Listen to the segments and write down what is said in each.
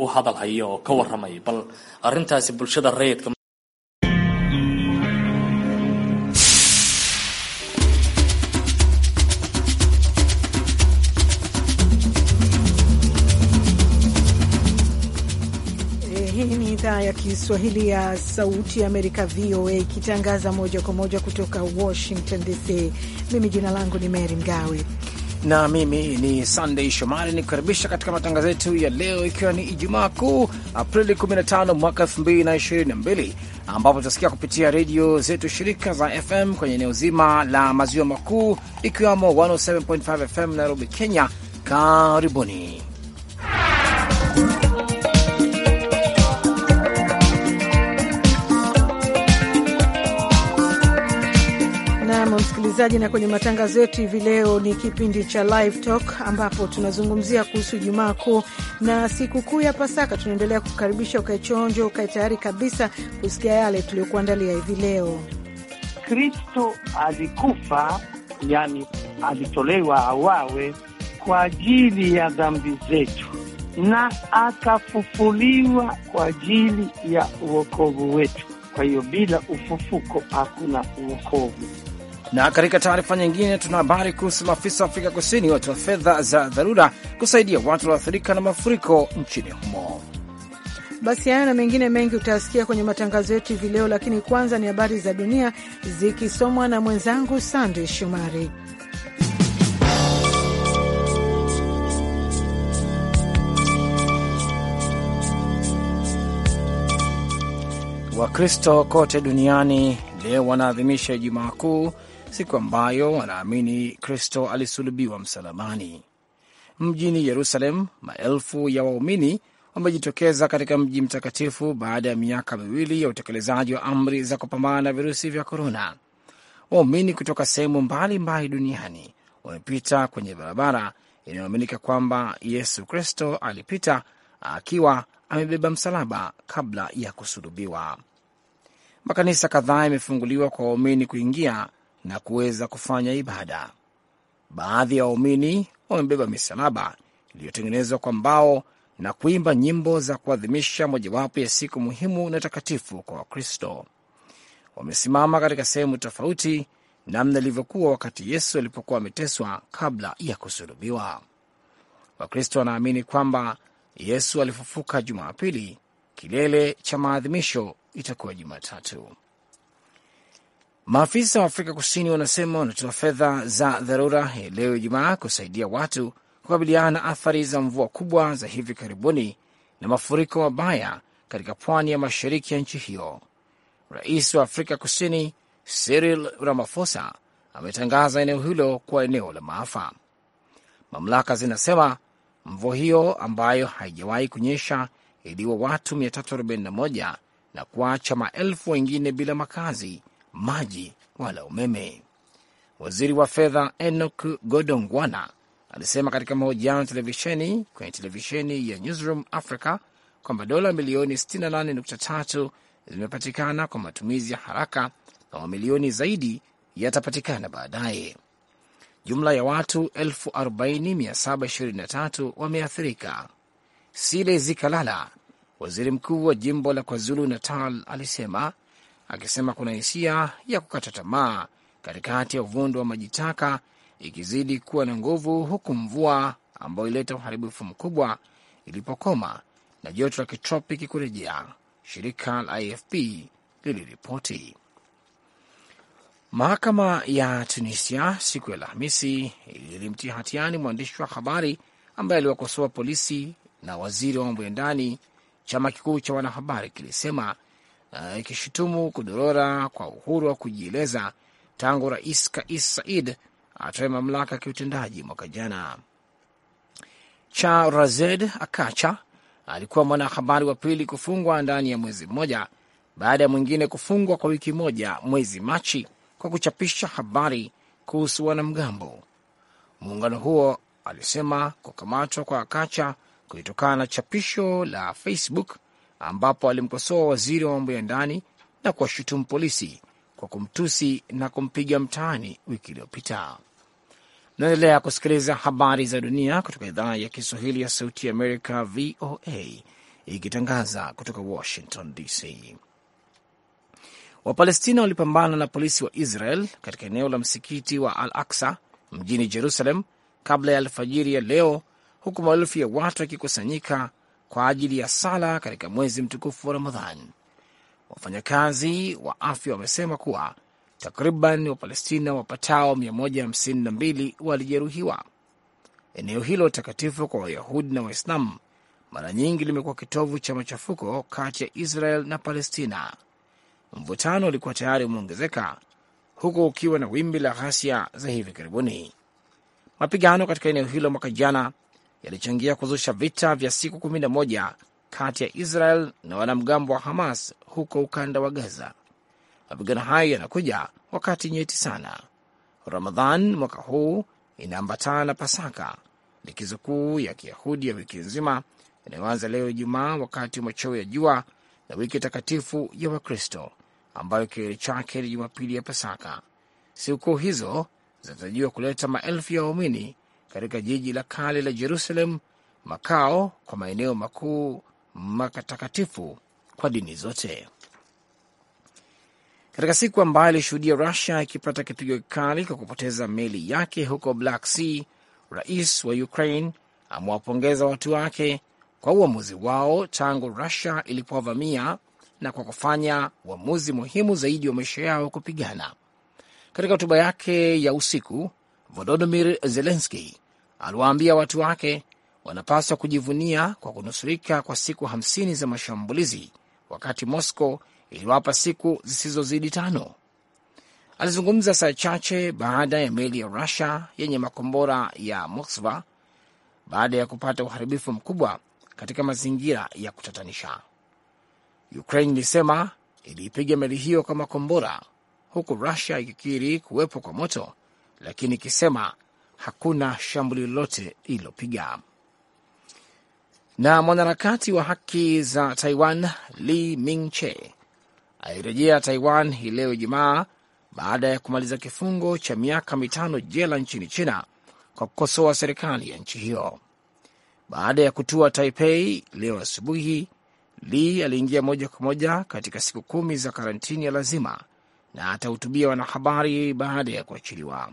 u hadal haya oo ka waramay bal arrintaasi bulshada rayidka Idhaa ya Kiswahili ya Sauti ya Amerika, VOA, ikitangaza moja kwa moja kutoka Washington DC. Mimi jina langu ni Mary Mgawe na mimi ni Sunday Shomari ni kukaribisha katika matangazo yetu ya leo, ikiwa ni Ijumaa Kuu Aprili 15 mwaka 2022, ambapo tutasikia kupitia redio zetu shirika za FM kwenye eneo zima la maziwa makuu ikiwamo 107.5 FM Nairobi, Kenya. Karibuni msikilizaji, na kwenye matangazo yetu hivi leo ni kipindi cha Live Talk ambapo tunazungumzia kuhusu jumaa Kuu na sikukuu ya Pasaka. Tunaendelea kukaribisha, ukae chonjo, ukae tayari kabisa kusikia yale tuliyokuandalia hivi leo. Kristo alikufa, yani alitolewa awawe kwa ajili ya dhambi zetu na akafufuliwa kwa ajili ya uokovu wetu. Kwa hiyo bila ufufuko hakuna uokovu. Na katika taarifa nyingine, tuna habari kuhusu maafisa wa Afrika Kusini watoa fedha za dharura kusaidia watu walioathirika na mafuriko nchini humo. Basi hayo na mengine mengi utayasikia kwenye matangazo yetu hivi leo, lakini kwanza ni habari za dunia zikisomwa na mwenzangu Sandey Shumari. Wakristo kote duniani leo wanaadhimisha Ijumaa Kuu siku ambayo wanaamini Kristo alisulubiwa msalabani. Mjini Yerusalem, maelfu ya waumini wamejitokeza katika mji mtakatifu baada ya miaka miwili ya utekelezaji wa amri za kupambana na virusi vya korona. Waumini kutoka sehemu mbalimbali duniani wamepita kwenye barabara inayoaminika kwamba Yesu Kristo alipita akiwa amebeba msalaba kabla ya kusulubiwa. Makanisa kadhaa yamefunguliwa kwa waumini kuingia na kuweza kufanya ibada. Baadhi ya waumini wamebeba misalaba iliyotengenezwa kwa mbao na kuimba nyimbo za kuadhimisha mojawapo ya siku muhimu na takatifu kwa Wakristo. Wamesimama katika sehemu tofauti namna ilivyokuwa wakati Yesu alipokuwa ameteswa kabla ya kusulubiwa. Wakristo wanaamini kwamba Yesu alifufuka Jumapili, kilele cha maadhimisho itakuwa Jumatatu. Maafisa wa Afrika Kusini wanasema wanatoa fedha za dharura hii leo Ijumaa kusaidia watu kukabiliana na athari za mvua kubwa za hivi karibuni na mafuriko mabaya katika pwani ya mashariki ya nchi hiyo. Rais wa Afrika Kusini Cyril Ramaphosa ametangaza eneo hilo kuwa eneo la maafa. Mamlaka zinasema mvua hiyo ambayo haijawahi kunyesha iliwa watu 341 na kuacha maelfu wengine bila makazi maji wala umeme. Waziri wa fedha enok Godongwana alisema katika mahojiano televisheni kwenye televisheni ya Newsroom Africa kwamba dola milioni 68.3 zimepatikana kwa matumizi ya haraka na mamilioni zaidi yatapatikana baadaye. Jumla ya watu 40723 wameathirika. Sile Zikalala, waziri mkuu wa jimbo la KwaZulu Natal, alisema akisema kuna hisia ya kukata tamaa katikati ya uvundo wa majitaka ikizidi kuwa na nguvu, huku mvua ambayo ilileta uharibifu mkubwa ilipokoma na joto la kitropiki kurejea, shirika la AFP liliripoti. Mahakama ya Tunisia siku ya Alhamisi ilimtia hatiani mwandishi wa habari ambaye aliwakosoa polisi na waziri wa mambo ya ndani. Chama kikuu cha wanahabari kilisema Uh, ikishutumu kudorora kwa uhuru wa kujieleza tangu Rais Kais Said atoe mamlaka ya kiutendaji mwaka jana. charazed Akacha alikuwa mwanahabari wa pili kufungwa ndani ya mwezi mmoja baada ya mwingine kufungwa kwa wiki moja mwezi Machi kwa kuchapisha habari kuhusu wanamgambo. Muungano huo alisema kukamatwa kwa Akacha kulitokana na chapisho la Facebook ambapo alimkosoa waziri wa mambo ya ndani na kuwashutumu polisi kwa kumtusi na kumpiga mtaani wiki iliyopita. Naendelea kusikiliza habari za dunia kutoka idhaa ya Kiswahili ya Sauti ya Amerika, VOA, ikitangaza kutoka Washington DC. Wapalestina walipambana na polisi wa Israel katika eneo la msikiti wa Al Aksa mjini Jerusalem kabla ya alfajiri ya leo, huku maelfu ya watu wakikusanyika kwa ajili ya sala katika mwezi mtukufu wa Ramadhan. Wafanyakazi wa afya wamesema kuwa takriban Wapalestina wapatao 152 walijeruhiwa. Eneo hilo takatifu kwa Wayahudi na Waislamu mara nyingi limekuwa kitovu cha machafuko kati ya Israel na Palestina. Mvutano ulikuwa tayari umeongezeka huku ukiwa na wimbi la ghasia za hivi karibuni. Mapigano katika eneo hilo mwaka jana yalichangia kuzusha vita vya siku kumi na moja kati ya Israel na wanamgambo wa Hamas huko ukanda wa Gaza. Mapigano hayo yanakuja wakati nyeti sana. Ramadhan mwaka huu inaambatana na Pasaka, likizo kuu ya Kiyahudi ya wiki nzima inayoanza leo Ijumaa wakati wa machweo ya jua na wiki takatifu ya Wakristo ambayo kilele chake ni Jumapili ya Pasaka. Sikukuu hizo zinatarajiwa kuleta maelfu ya waumini katika jiji la kale la Jerusalem, makao kwa maeneo makuu makatakatifu kwa dini zote. Katika siku ambayo ilishuhudia Rusia ikipata kipigo kikali kwa kupoteza meli yake huko Black Sea, rais wa Ukraine amewapongeza watu wake kwa uamuzi wao tangu Rusia ilipovamia na kwa kufanya uamuzi muhimu zaidi wa maisha yao kupigana. Katika hotuba yake ya usiku, Volodimir Zelenski aliwaambia watu wake wanapaswa kujivunia kwa kunusurika kwa siku hamsini za mashambulizi, wakati Moscow iliwapa siku zisizozidi tano. Alizungumza saa chache baada ya meli ya Rusia yenye makombora ya Moskva baada ya kupata uharibifu mkubwa katika mazingira ya kutatanisha. Ukraine ilisema iliipiga meli hiyo kwa makombora, huku Rusia ikikiri kuwepo kwa moto lakini ikisema hakuna shambulio lolote lililopiga. Na mwanaharakati wa haki za Taiwan Li Mingche alirejea Taiwan hii leo Ijumaa baada ya kumaliza kifungo cha miaka mitano jela nchini China kwa kukosoa serikali ya nchi hiyo. Baada ya kutua Taipei leo asubuhi, Li aliingia moja kwa moja katika siku kumi za karantini ya lazima na atahutubia wanahabari baada ya kuachiliwa.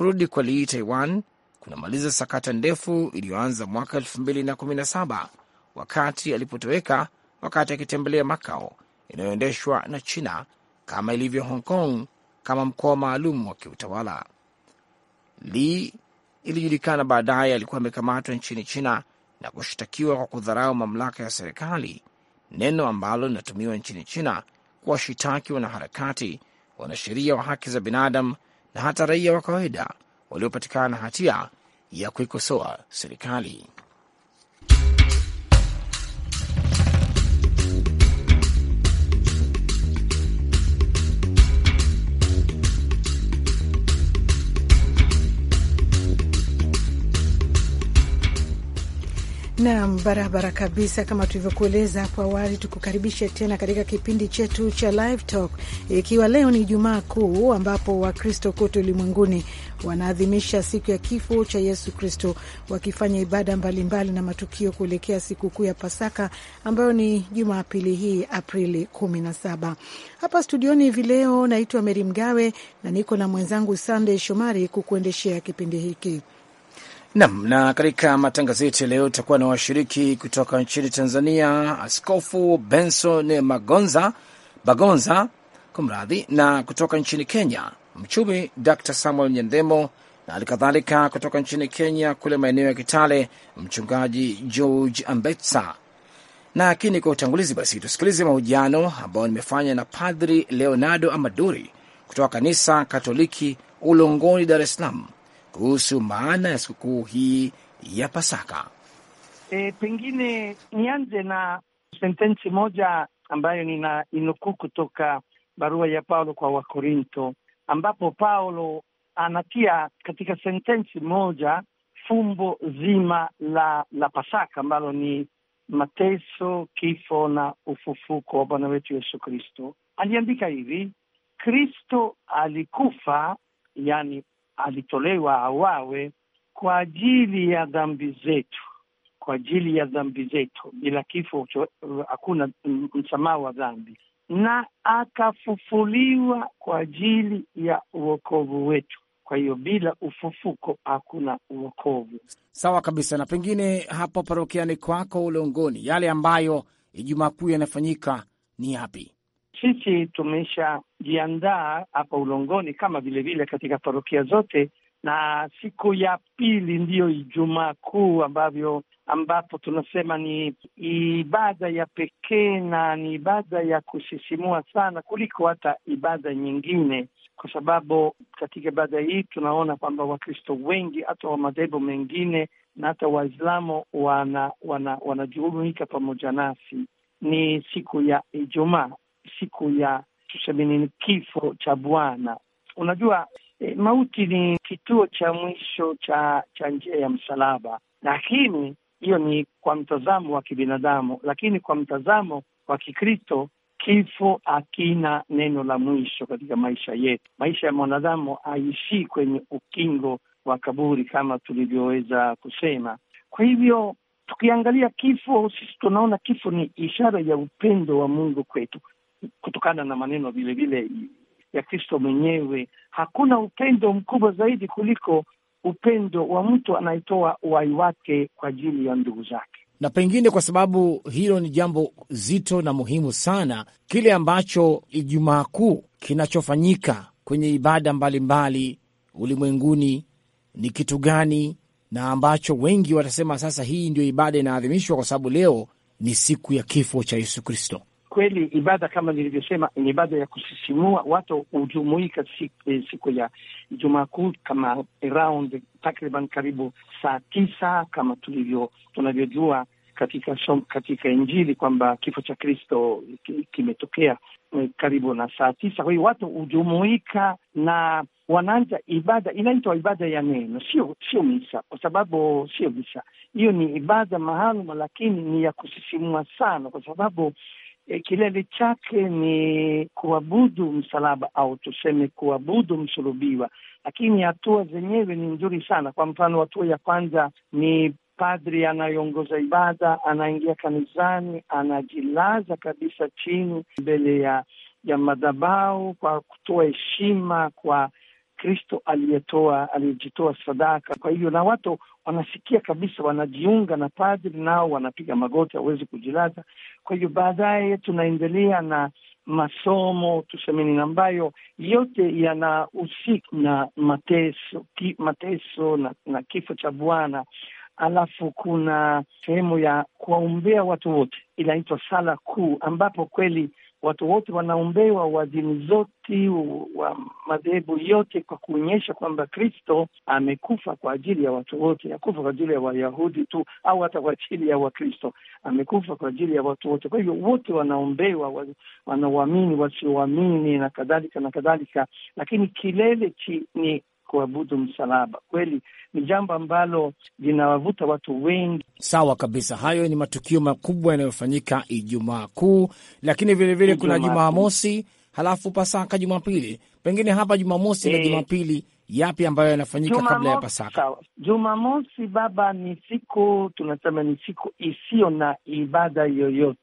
Kurudi kwa Lii Taiwan kunamaliza sakata ndefu iliyoanza mwaka 2017 wakati alipotoweka wakati akitembelea makao inayoendeshwa na China kama ilivyo Hong Kong kama mkoa maalum wa kiutawala. Li ilijulikana baadaye alikuwa amekamatwa nchini China na kushtakiwa kwa kudharau mamlaka ya serikali, neno ambalo linatumiwa nchini China kuwashitaki wanaharakati, wanasheria wa haki za binadamu na hata raia wa kawaida waliopatikana hatia ya kuikosoa serikali. Nam, barabara kabisa. Kama tulivyokueleza hapo awali, tukukaribishe tena katika kipindi chetu cha Live Talk, ikiwa leo ni Ijumaa Kuu ambapo Wakristo kote ulimwenguni wanaadhimisha siku ya kifo cha Yesu Kristo, wakifanya ibada mbalimbali mbali na matukio kuelekea sikukuu ya Pasaka ambayo ni Jumapili hii Aprili 17. Hapa studioni hivi leo naitwa Meri Mgawe na niko na mwenzangu Sandey Shomari kukuendeshea kipindi hiki. Nam na katika matangazo yetu leo tutakuwa na washiriki kutoka nchini Tanzania, Askofu Benson Magonza Bagonza kumradhi, na kutoka nchini Kenya mchumi Dr Samuel Nyandemo na halikadhalika kutoka nchini Kenya kule maeneo ya Kitale mchungaji George Ambetsa. Lakini kwa utangulizi basi, tusikilize mahojiano ambayo nimefanya na Padri Leonardo Amaduri kutoka kanisa Katoliki Ulongoni, Dar es Salaam kuhusu maana ya sikukuu hii ya Pasaka. E, pengine nianze na sentensi moja ambayo nina inukuu kutoka barua ya Paulo kwa Wakorinto, ambapo Paulo anatia katika sentensi moja fumbo zima la la Pasaka ambalo ni mateso, kifo na ufufuko wa Bwana wetu Yesu Kristo. Aliandika hivi: Kristo alikufa, yani alitolewa awawe kwa ajili ya dhambi zetu, kwa ajili ya dhambi zetu. Bila kifo hakuna msamaha wa dhambi, na akafufuliwa kwa ajili ya uokovu wetu. Kwa hiyo bila ufufuko hakuna uokovu. Sawa kabisa. Na pengine hapo parokiani kwako Ulongoni, yale ambayo Ijumaa Kuu yanafanyika ni yapi? Sisi tumeshajiandaa hapa Ulongoni kama vilevile katika parokia zote, na siku ya pili ndiyo Ijumaa Kuu ambavyo ambapo tunasema ni ibada ya pekee na ni ibada ya kusisimua sana kuliko hata ibada nyingine, kwa sababu katika ibada hii tunaona kwamba Wakristo wengi hata wa madhehebu mengine na hata Waislamu wanajumuika wana, wana pamoja nasi. Ni siku ya Ijumaa siku ya tushemenini kifo cha Bwana. Unajua e, mauti ni kituo cha mwisho cha cha njia ya msalaba, lakini hiyo ni kwa mtazamo wa kibinadamu, lakini kwa mtazamo wa Kikristo kifo hakina neno la mwisho katika maisha yetu. Maisha ya mwanadamu haishii kwenye ukingo wa kaburi kama tulivyoweza kusema. Kwa hivyo tukiangalia kifo, sisi tunaona kifo ni ishara ya upendo wa Mungu kwetu kutokana na maneno vilevile ya Kristo mwenyewe, hakuna upendo mkubwa zaidi kuliko upendo wa mtu anayetoa uhai wake kwa ajili ya ndugu zake. Na pengine kwa sababu hilo ni jambo zito na muhimu sana, kile ambacho Ijumaa Kuu kinachofanyika kwenye ibada mbalimbali ulimwenguni ni kitu gani, na ambacho wengi watasema sasa hii ndio ibada inaadhimishwa, kwa sababu leo ni siku ya kifo cha Yesu Kristo. Kweli ibada kama nilivyosema ni ibada ya kusisimua. Watu hujumuika siku, eh, siku ya Ijumaa Kuu kama around takriban karibu saa tisa kama tulivyo tunavyojua katika som, katika Injili kwamba kifo cha Kristo kimetokea eh, karibu na saa tisa. Kwa hiyo watu hujumuika na wanaanza ibada inaitwa ibada ya neno, sio sio misa, kwa sababu sio misa, hiyo ni ibada maalum, lakini ni ya kusisimua sana, kwa sababu e, kilele chake ni kuabudu msalaba au tuseme kuabudu msulubiwa, lakini hatua zenyewe ni nzuri sana. Kwa mfano, hatua ya kwanza ni padri anayeongoza ibada anaingia kanisani, anajilaza kabisa chini mbele ya ya madhabahu kwa kutoa heshima kwa Kristo aliyetoa aliyejitoa sadaka. Kwa hivyo na watu wanasikia kabisa, wanajiunga na padri, nao wanapiga magoti, hawezi kujilaza. Kwa hiyo baadaye tunaendelea na masomo tusemeni, ambayo yote yanahusika na mateso ki, mateso na, na kifo cha Bwana. Alafu kuna sehemu ya kuwaombea watu wote, inaitwa sala kuu, ambapo kweli watu wote wanaombewa wa dini zote wa madhehebu yote, kwa kuonyesha kwamba Kristo amekufa kwa ajili ya watu wote. akufa kwa ajili ya Wayahudi tu au hata kwa ajili ya Wakristo, amekufa kwa ajili ya watu wote. Kwa hivyo wote wanaombewa, wanaoamini, wasioamini na kadhalika na kadhalika, lakini kilele chi, ni kuabudu msalaba. Kweli ni jambo ambalo linawavuta watu wengi. Sawa kabisa, hayo ni matukio makubwa yanayofanyika Ijumaa Kuu, lakini vilevile kuna Jumamosi halafu Pasaka Jumapili, pengine hapa Jumamosi e, na eh. Jumapili yapi ambayo yanafanyika kabla ya Pasaka? Jumamosi baba, ni siku tunasema ni siku isiyo na ibada yoyote,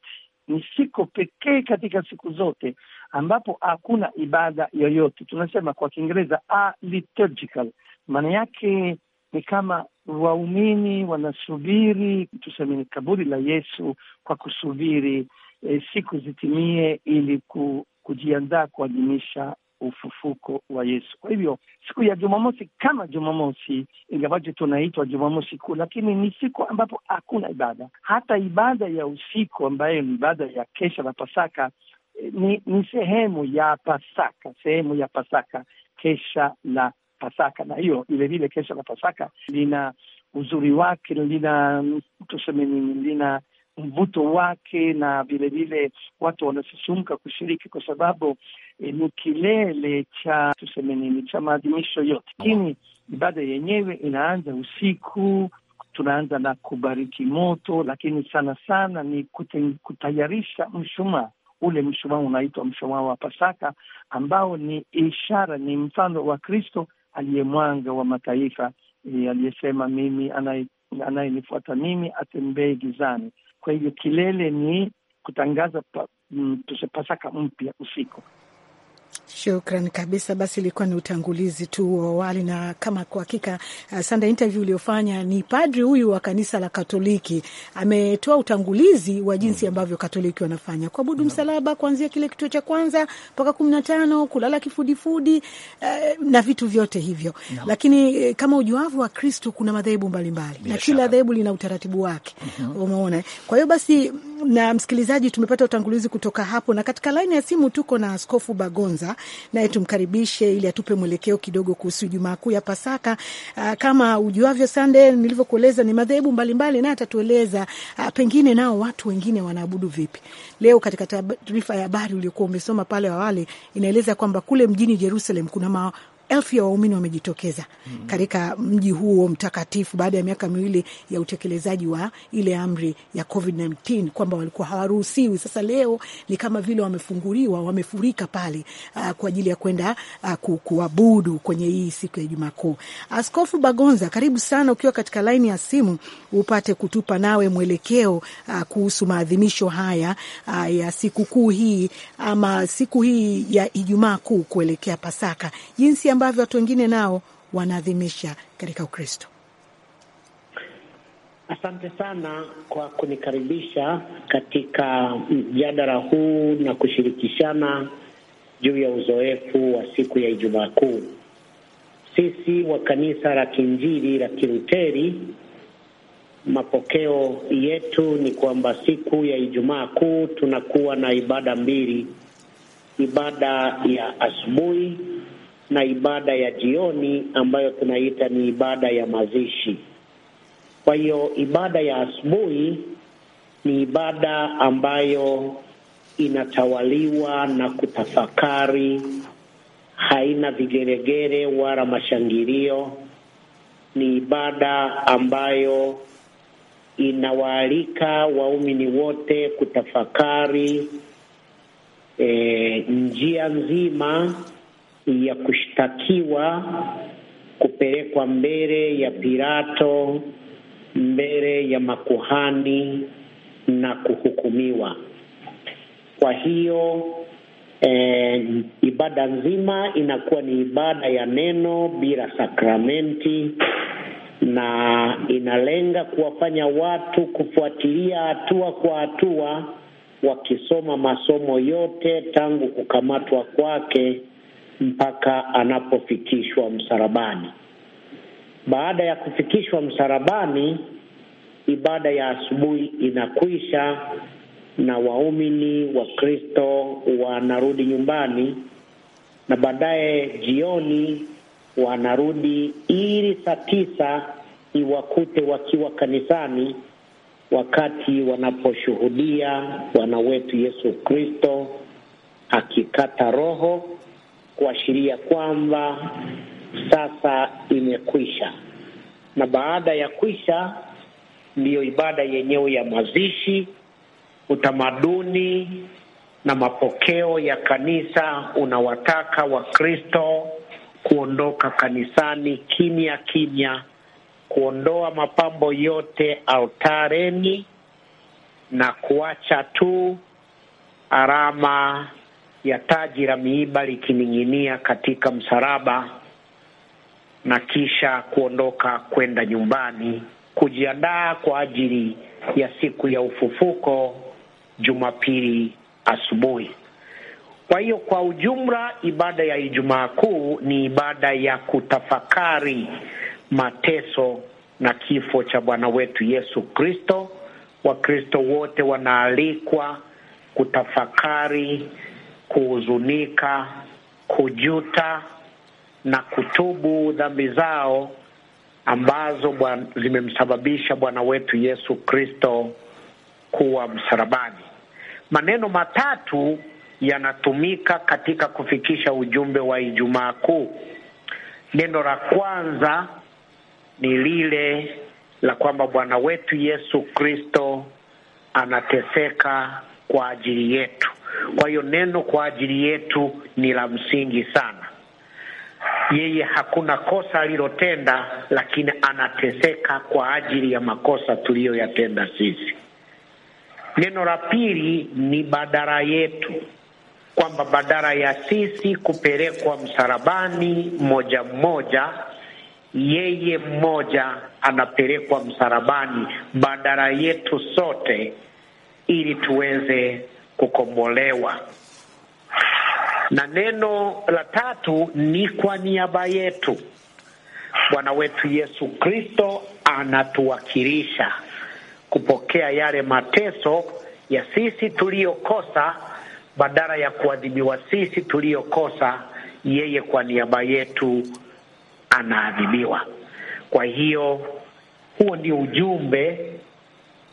ni siku pekee katika siku zote ambapo hakuna ibada yoyote, tunasema kwa Kiingereza liturgical Maana yake ni kama waumini wanasubiri, tuseme ni kaburi la Yesu kwa kusubiri e, siku zitimie ili ku, kujiandaa kuadhimisha ufufuko wa Yesu. Kwa hivyo siku ya Jumamosi kama Jumamosi, ingawaje tunaitwa Jumamosi Kuu, lakini ni siku ambapo hakuna ibada. Hata ibada ya usiku ambayo ni ibada ya kesha la Pasaka Eh, ni, ni sehemu ya Pasaka, sehemu ya Pasaka, kesha la Pasaka. Na hiyo vilevile kesha la Pasaka lina uzuri wake, lina tuseme nini, lina mvuto wake, na vilevile watu wanasusumka kushiriki kwa sababu e, ni kilele cha tuseme nini, cha maadhimisho yote. Lakini ibada yenyewe inaanza usiku tunaanza na kubariki moto, lakini sana sana ni kutayarisha mshumaa ule mshumaa unaitwa mshumaa wa Pasaka, ambao ni ishara, ni mfano wa Kristo aliye mwanga wa mataifa, eh, aliyesema mimi anayenifuata mimi atembee gizani. Kwa hivyo kilele ni kutangaza pa, m, mm, Pasaka mpya usiku. Shukran kabisa. Basi ilikuwa ni utangulizi tu wa awali, na kama kwa hakika uh, Sanda, interview uliofanya ni padri huyu wa kanisa la Katoliki ametoa utangulizi wa jinsi mm. ambavyo Katoliki wanafanya kuabudu msalaba kuanzia kile kituo cha kwanza mpaka kumi na tano kulala kifudifudi uh, na vitu vyote hivyo no. Lakini uh, kama ujuavu wa Kristo kuna madhehebu mbalimbali na kila dhehebu lina utaratibu wake, mhm. umeona. Kwa hiyo basi na msikilizaji, tumepata utangulizi kutoka hapo, na katika laini ya simu tuko na Askofu Bagonza, naye tumkaribishe ili atupe mwelekeo kidogo kuhusu Ijumaa Kuu ya Pasaka. Uh, kama ujuavyo Sande, nilivyokueleza ni madhehebu mbalimbali, naye atatueleza uh, pengine nao watu wengine wanaabudu vipi. Leo katika taarifa ya habari uliokuwa umesoma pale awali, inaeleza kwamba kule mjini Jerusalem kuna ma elfu ya waumini wamejitokeza mm -hmm. katika mji huo mtakatifu baada ya miaka miwili ya utekelezaji wa ile amri ya COVID-19 kwamba walikuwa hawaruhusiwi. Sasa leo ni kama vile wamefunguliwa, wamefurika pale uh, kwa ajili ya kwenda uh, kuabudu kwenye hii siku ya Ijumaa Kuu. Askofu Bagonza, karibu sana ukiwa katika laini ya simu upate kutupa nawe mwelekeo uh, kuhusu maadhimisho haya uh, ya sikukuu hii ama siku hii ya Ijumaa Kuu kuelekea Pasaka, jinsi ya ambavyo watu wengine nao wanaadhimisha katika Ukristo. Asante sana kwa kunikaribisha katika mjadala huu na kushirikishana juu ya uzoefu wa siku ya Ijumaa Kuu. Sisi wa kanisa la Kiinjili la Kiluteri, mapokeo yetu ni kwamba siku ya Ijumaa Kuu tunakuwa na ibada mbili, ibada ya asubuhi na ibada ya jioni ambayo tunaita ni ibada ya mazishi. Kwa hiyo ibada ya asubuhi ni ibada ambayo inatawaliwa na kutafakari, haina vigeregere wala mashangilio. Ni ibada ambayo inawaalika waumini wote kutafakari e, njia nzima ya kushtakiwa kupelekwa mbele ya Pilato, mbele ya makuhani na kuhukumiwa. Kwa hiyo eh, ibada nzima inakuwa ni ibada ya neno bila sakramenti na inalenga kuwafanya watu kufuatilia hatua kwa hatua, wakisoma masomo yote tangu kukamatwa kwake mpaka anapofikishwa msalabani. Baada ya kufikishwa msalabani, ibada ya asubuhi inakwisha na waumini wa Kristo wanarudi nyumbani, na baadaye jioni wanarudi ili saa tisa iwakute wakiwa kanisani, wakati wanaposhuhudia Bwana wetu Yesu Kristo akikata roho kuashiria kwamba sasa imekwisha, na baada ya kwisha ndiyo ibada yenyewe ya mazishi. Utamaduni na mapokeo ya kanisa unawataka Wakristo kuondoka kanisani kimya kimya, kuondoa mapambo yote altareni na kuacha tu alama ya taji la miiba likining'inia katika msalaba na kisha kuondoka kwenda nyumbani kujiandaa kwa ajili ya siku ya ufufuko Jumapili asubuhi. Kwa hiyo kwa ujumla, ibada ya Ijumaa Kuu ni ibada ya kutafakari mateso na kifo cha Bwana wetu Yesu Kristo. Wakristo wote wanaalikwa kutafakari kuhuzunika, kujuta na kutubu dhambi zao ambazo zimemsababisha Bwana wetu Yesu Kristo kuwa msalabani. Maneno matatu yanatumika katika kufikisha ujumbe wa Ijumaa Kuu. Neno la kwanza ni lile la kwamba Bwana wetu Yesu Kristo anateseka kwa ajili yetu. Kwa hiyo neno kwa ajili yetu ni la msingi sana. Yeye hakuna kosa alilotenda, lakini anateseka kwa ajili ya makosa tuliyoyatenda sisi. Neno la pili ni badala yetu, kwamba badala ya sisi kupelekwa msalabani mmoja mmoja, yeye mmoja anapelekwa msalabani badala yetu sote, ili tuweze kukombolewa. Na neno la tatu ni kwa niaba yetu. Bwana wetu Yesu Kristo anatuwakilisha kupokea yale mateso ya sisi tuliyokosa, badala ya kuadhibiwa sisi tuliyokosa, yeye kwa niaba yetu anaadhibiwa. Kwa hiyo huo ndio ujumbe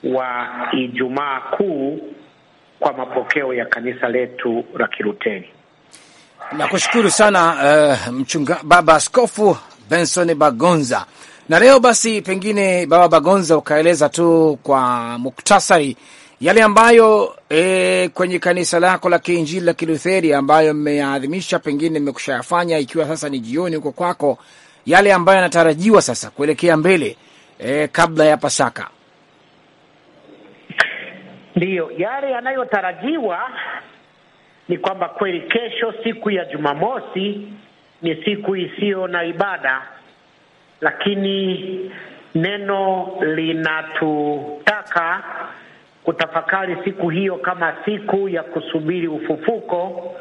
wa Ijumaa Kuu kwa mapokeo ya kanisa letu la Kiruteni. Nakushukuru sana uh, mchunga, baba askofu Benson Bagonza. Na leo basi, pengine baba Bagonza, ukaeleza tu kwa muktasari yale ambayo e, kwenye kanisa lako la kiinjili la Kilutheri ambayo mmeyaadhimisha, pengine yafanya ikiwa sasa ni jioni huko kwako, yale ambayo yanatarajiwa sasa kuelekea mbele e, kabla ya Pasaka. Ndiyo, yale yanayotarajiwa ni kwamba kweli kesho, siku ya Jumamosi, ni siku isiyo na ibada, lakini neno linatutaka kutafakari siku hiyo kama siku ya kusubiri ufufuko,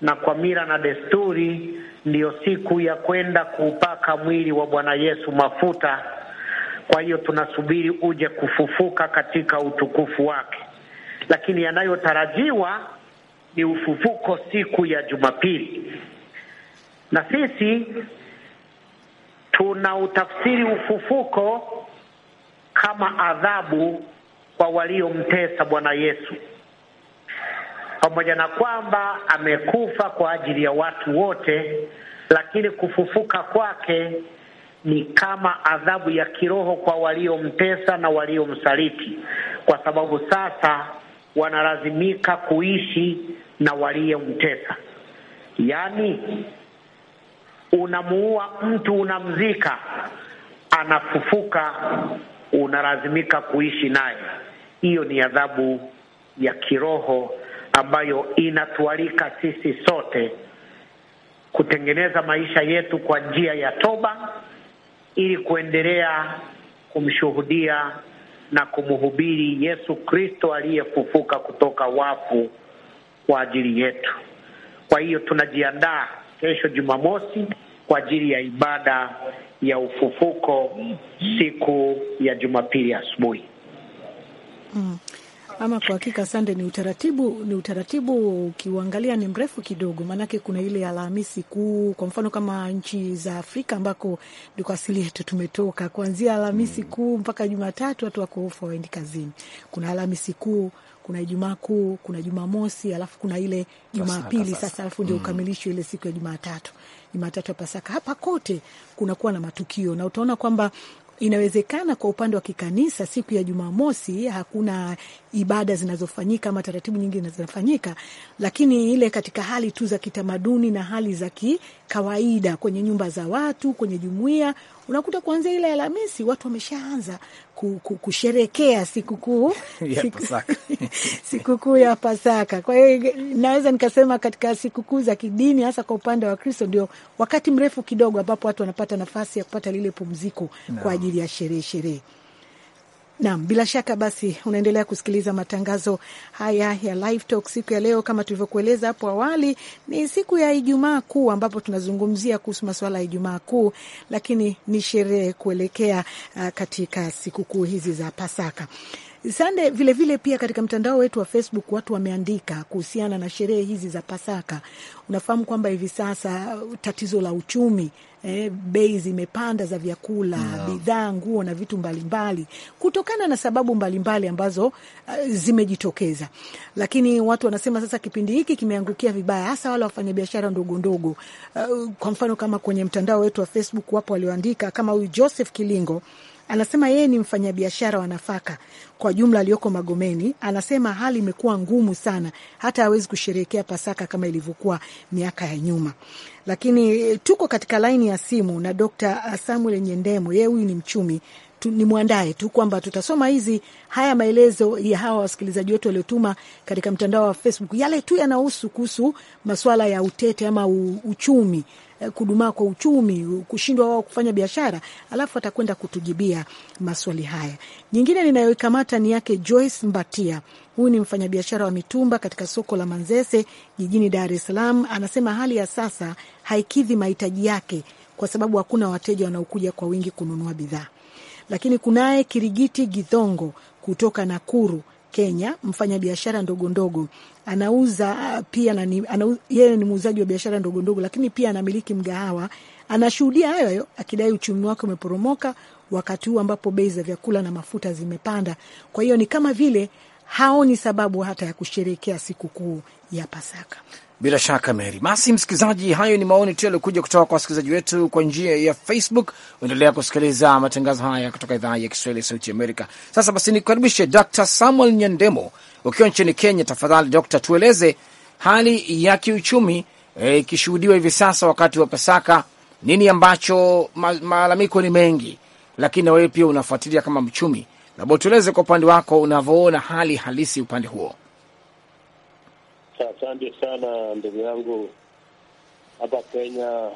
na kwa mila na desturi ndiyo siku ya kwenda kuupaka mwili wa Bwana Yesu mafuta kwa hiyo tunasubiri uje kufufuka katika utukufu wake, lakini yanayotarajiwa ni ufufuko siku ya Jumapili, na sisi tuna utafsiri ufufuko kama adhabu kwa waliomtesa Bwana Yesu, pamoja na kwamba amekufa kwa ajili ya watu wote, lakini kufufuka kwake ni kama adhabu ya kiroho kwa waliomtesa na waliomsaliti, kwa sababu sasa wanalazimika kuishi na waliyemtesa. Yaani, unamuua mtu, unamzika, anafufuka, unalazimika kuishi naye. Hiyo ni adhabu ya kiroho ambayo inatualika sisi sote kutengeneza maisha yetu kwa njia ya toba ili kuendelea kumshuhudia na kumhubiri Yesu Kristo aliyefufuka kutoka wafu kwa ajili yetu. Kwa hiyo tunajiandaa kesho Jumamosi kwa ajili ya ibada ya ufufuko siku ya Jumapili asubuhi. Mm. Ama kwa hakika sande, ni utaratibu ni utaratibu, ukiuangalia ni mrefu kidogo, maanake kuna ile Alhamisi Kuu, kwa mfano kama nchi za Afrika ambako ndiko asili yetu tumetoka, kuanzia Alhamisi mm. Kuu mpaka Jumatatu watu wako ofa, waendi kazini. Kuna Alhamisi Kuu, kuna Ijumaa Kuu, kuna Jumamosi, alafu kuna ile Jumapili sasa, alafu ndio mm. ukamilishwe ile siku ya Jumatatu, Jumatatu ya Pasaka. Hapa kote kunakuwa na matukio na utaona kwamba inawezekana kwa upande wa kikanisa siku ya Jumamosi hakuna ibada zinazofanyika ama taratibu nyingi zinazofanyika, lakini ile katika hali tu za kitamaduni na hali za kikawaida kwenye nyumba za watu, kwenye jumuia, unakuta kuanzia ile Alhamisi watu wameshaanza kusherekea sikukuu sikukuu ya Pasaka. Kwa hiyo naweza nikasema katika sikukuu za kidini, hasa kwa upande wa Kristo, ndio wakati mrefu kidogo ambapo watu wanapata nafasi ya kupata lile pumziko no. kwa ajili ya sherehe sherehe Nam, bila shaka basi unaendelea kusikiliza matangazo haya ya Live Talk siku ya leo. Kama tulivyokueleza hapo awali, ni siku ya Ijumaa Kuu ambapo tunazungumzia kuhusu masuala ya Ijumaa Kuu, lakini ni sherehe kuelekea uh, katika sikukuu hizi za Pasaka. Sande, vilevile pia katika mtandao wetu wa Facebook watu wameandika kuhusiana na sherehe hizi za Pasaka. Unafahamu kwamba hivi sasa uh, tatizo la uchumi eh, bei zimepanda za vyakula yeah, bidhaa, nguo na vitu mbalimbali, kutokana na sababu mbalimbali ambazo uh, zimejitokeza. Lakini watu wanasema sasa kipindi hiki kimeangukia vibaya, hasa wale wafanyabiashara ndogo ndogo. Uh, kwa mfano kama kwenye mtandao wetu wa Facebook wapo walioandika kama huyu Joseph Kilingo Anasema yeye ni mfanyabiashara wa nafaka kwa jumla aliyoko Magomeni. Anasema hali imekuwa ngumu sana, hata hawezi kusherehekea Pasaka kama ilivyokuwa miaka ya nyuma. Lakini eh, tuko katika laini ya simu na Dr. Eh, Samuel Nyendemo, yeye huyu ni mchumi tu, ni mwandae tu kwamba tutasoma hizi haya maelezo ya hawa wasikilizaji wetu waliotuma katika mtandao wa Facebook, yale tu yanahusu kuhusu masuala ya utete ama u, uchumi Eh, kudumaa kwa uchumi, kushindwa wao kufanya biashara, alafu atakwenda kutujibia maswali haya. Nyingine ninayoikamata ni yake Joyce Mbatia. Huyu ni mfanyabiashara wa mitumba katika soko la Manzese jijini Dar es Salaam. Anasema hali ya sasa haikidhi mahitaji yake kwa sababu hakuna wateja wanaokuja kwa wingi kununua bidhaa. Lakini kunaye Kirigiti gidhongo kutoka Nakuru Kenya, mfanyabiashara ndogo ndogo anauza uh, pia nani, ni, yeye ni muuzaji wa biashara ndogo ndogo, lakini pia anamiliki mgahawa. Anashuhudia hayo hayo akidai uchumi wake umeporomoka wakati huu ambapo bei za vyakula na mafuta zimepanda. Kwa hiyo ni kama vile haoni sababu hata ya kusherehekea sikukuu ya Pasaka. Bila shaka Meri. Basi msikilizaji, hayo ni maoni tu yaliokuja kutoka kwa wasikilizaji wetu kwa njia ya Facebook. Endelea kusikiliza matangazo haya kutoka idhaa ya Kiswahili ya Sauti Amerika. Sasa basi, nikukaribishe Dr Samuel Nyandemo ukiwa nchini Kenya. Tafadhali Dr, tueleze hali ya kiuchumi e, ikishuhudiwa e, hivi sasa wakati wa Pasaka, nini ambacho malalamiko ma, ni mengi, lakini na wewe pia unafuatilia kama mchumi, labda tueleze kwa upande wako unavyoona hali halisi upande huo. Asante sana ndugu yangu. Hapa Kenya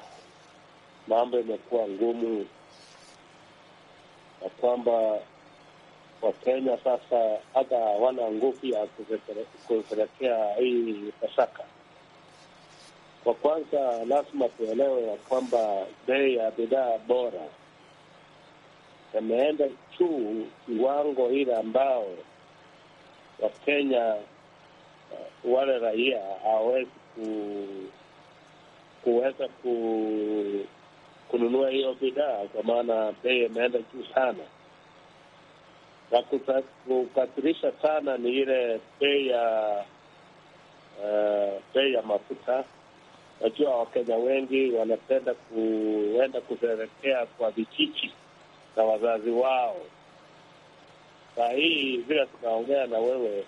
mambo imekuwa ngumu, na kwamba Wakenya sasa hata hawana nguvu ya kusherekea hii Pasaka. Kwa kwanza, lazima tuelewe ya kwamba bei ya bidhaa bora yameenda juu kiwango ile ambao Wakenya Eh, wale raia hawawezi ku, kuweza ku, kununua hiyo bidhaa kwa maana bei imeenda juu sana, na kukasirisha sana ni ile bei ya uh, bei ya mafuta. Najua Wakenya wengi wanapenda kuenda kusherekea kwa vijiji na wazazi wao. Saa hii vile tunaongea na wewe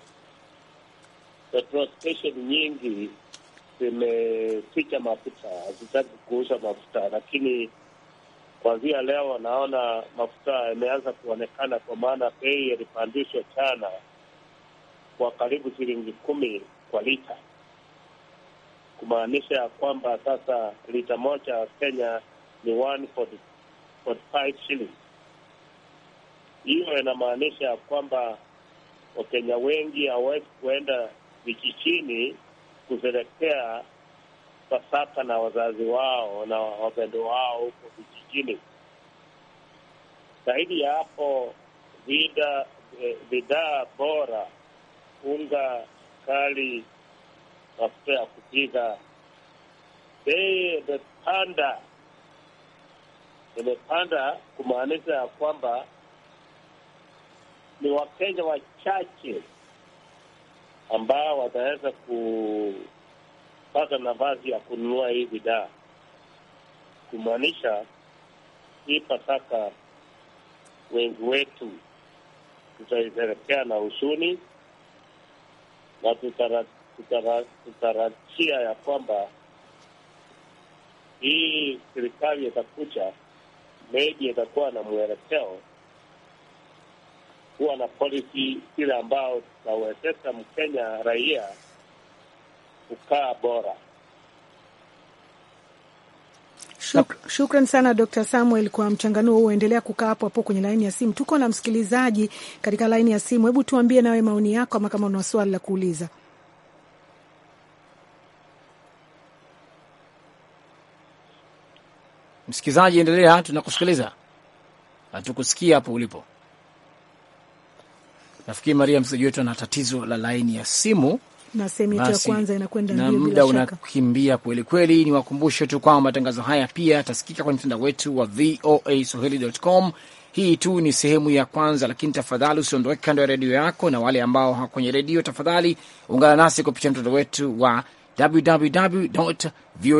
petrol station nyingi zimeficha mafuta, hazitaki kuuza mafuta, lakini kuanzia leo wanaona mafuta yameanza kuonekana, kwa maana bei yalipandishwa sana kwa karibu shilingi kumi kwa lita, kumaanisha ya kwamba sasa lita moja Kenya ni 145 shillings. Hiyo inamaanisha ya kwamba Wakenya wengi hawawezi kuenda vijijini kusherekea Pasaka na wazazi wao na wapendo wao huko vijijini. Zaidi ya hapo, eh, bidhaa bora, unga, sukari, mafuta ya kupika, bei imepanda, imepanda kumaanisha ya kwamba ni Wakenya wachache ambao wataweza kupata nafasi ya kununua hii bidhaa, kumaanisha hii Pasaka wengi wetu tutaisherekea na husuni na tutarajia ya kwamba hii serikali itakuja maybe itakuwa na mwelekeo kuwa na policy ile ambao tutawezesha Mkenya raia kukaa bora. Shuk shukran sana Dr. Samuel kwa mchanganuo huo. Endelea kukaa hapo hapo kwenye laini ya simu. Tuko na msikilizaji katika laini ya simu, hebu tuambie nawe maoni yako, ama kama una swali la kuuliza. Msikilizaji, endelea, tunakusikiliza, hatukusikia hapo ulipo. Nafikiri Maria msikilizaji wetu ana tatizo la laini ya simu na sehemu ya kwanza inakwenda na muda unakimbia kweli kweli. Ni wakumbushe tu kwamba matangazo haya pia yatasikika kwenye mtandao wetu wa voa Swahili.com. Hii tu ni sehemu ya kwanza, lakini tafadhali usiondoke kando ya redio yako, na wale ambao hawako kwenye redio, tafadhali ungana nasi kupitia mtandao wetu wa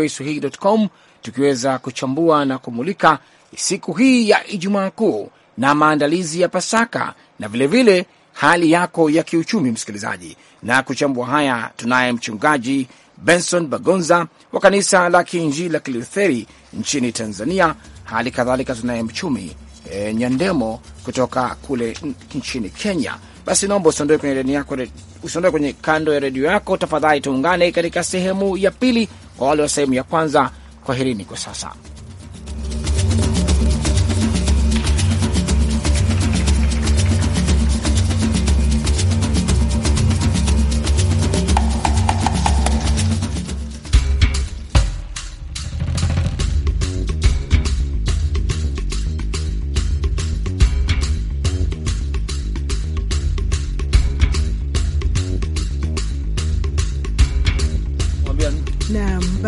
swahili.com, tukiweza kuchambua na kumulika siku hii ya Ijumaa Kuu na maandalizi ya Pasaka na vilevile vile, hali yako ya kiuchumi, msikilizaji. Na kuchambua haya tunaye mchungaji Benson Bagonza wa kanisa la Kiinjili la Kilutheri nchini Tanzania. Hali kadhalika tunaye mchumi e, Nyandemo kutoka kule nchini Kenya. Basi naomba usiondoe kwenye redio yako, usiondoe kwenye kando ya redio yako tafadhali, tuungane katika sehemu ya pili. Kwa wale wa sehemu ya kwanza, kwaherini kwa sasa.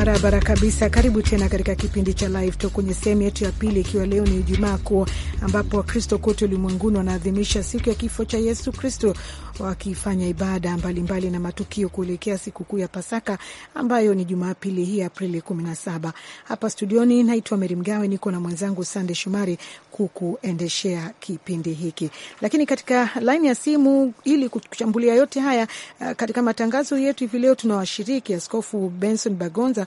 barabara kabisa. Karibu tena katika kipindi cha Live Talk kwenye sehemu yetu ya pili, ikiwa leo ni Ijumaa Kuu ambapo Wakristo kote ulimwenguni wanaadhimisha siku ya kifo cha Yesu Kristo, wakifanya ibada mbalimbali mbali na matukio kuelekea sikukuu ya Pasaka ambayo ni Jumapili hii Aprili 17. Hapa studioni naitwa Meri Mgawe, niko na mwenzangu Sande Shumari kukuendeshea kipindi hiki, lakini katika laini ya simu ili kuchambulia yote haya eh, katika matangazo yetu hivi leo tunawashiriki Askofu Benson Bagonza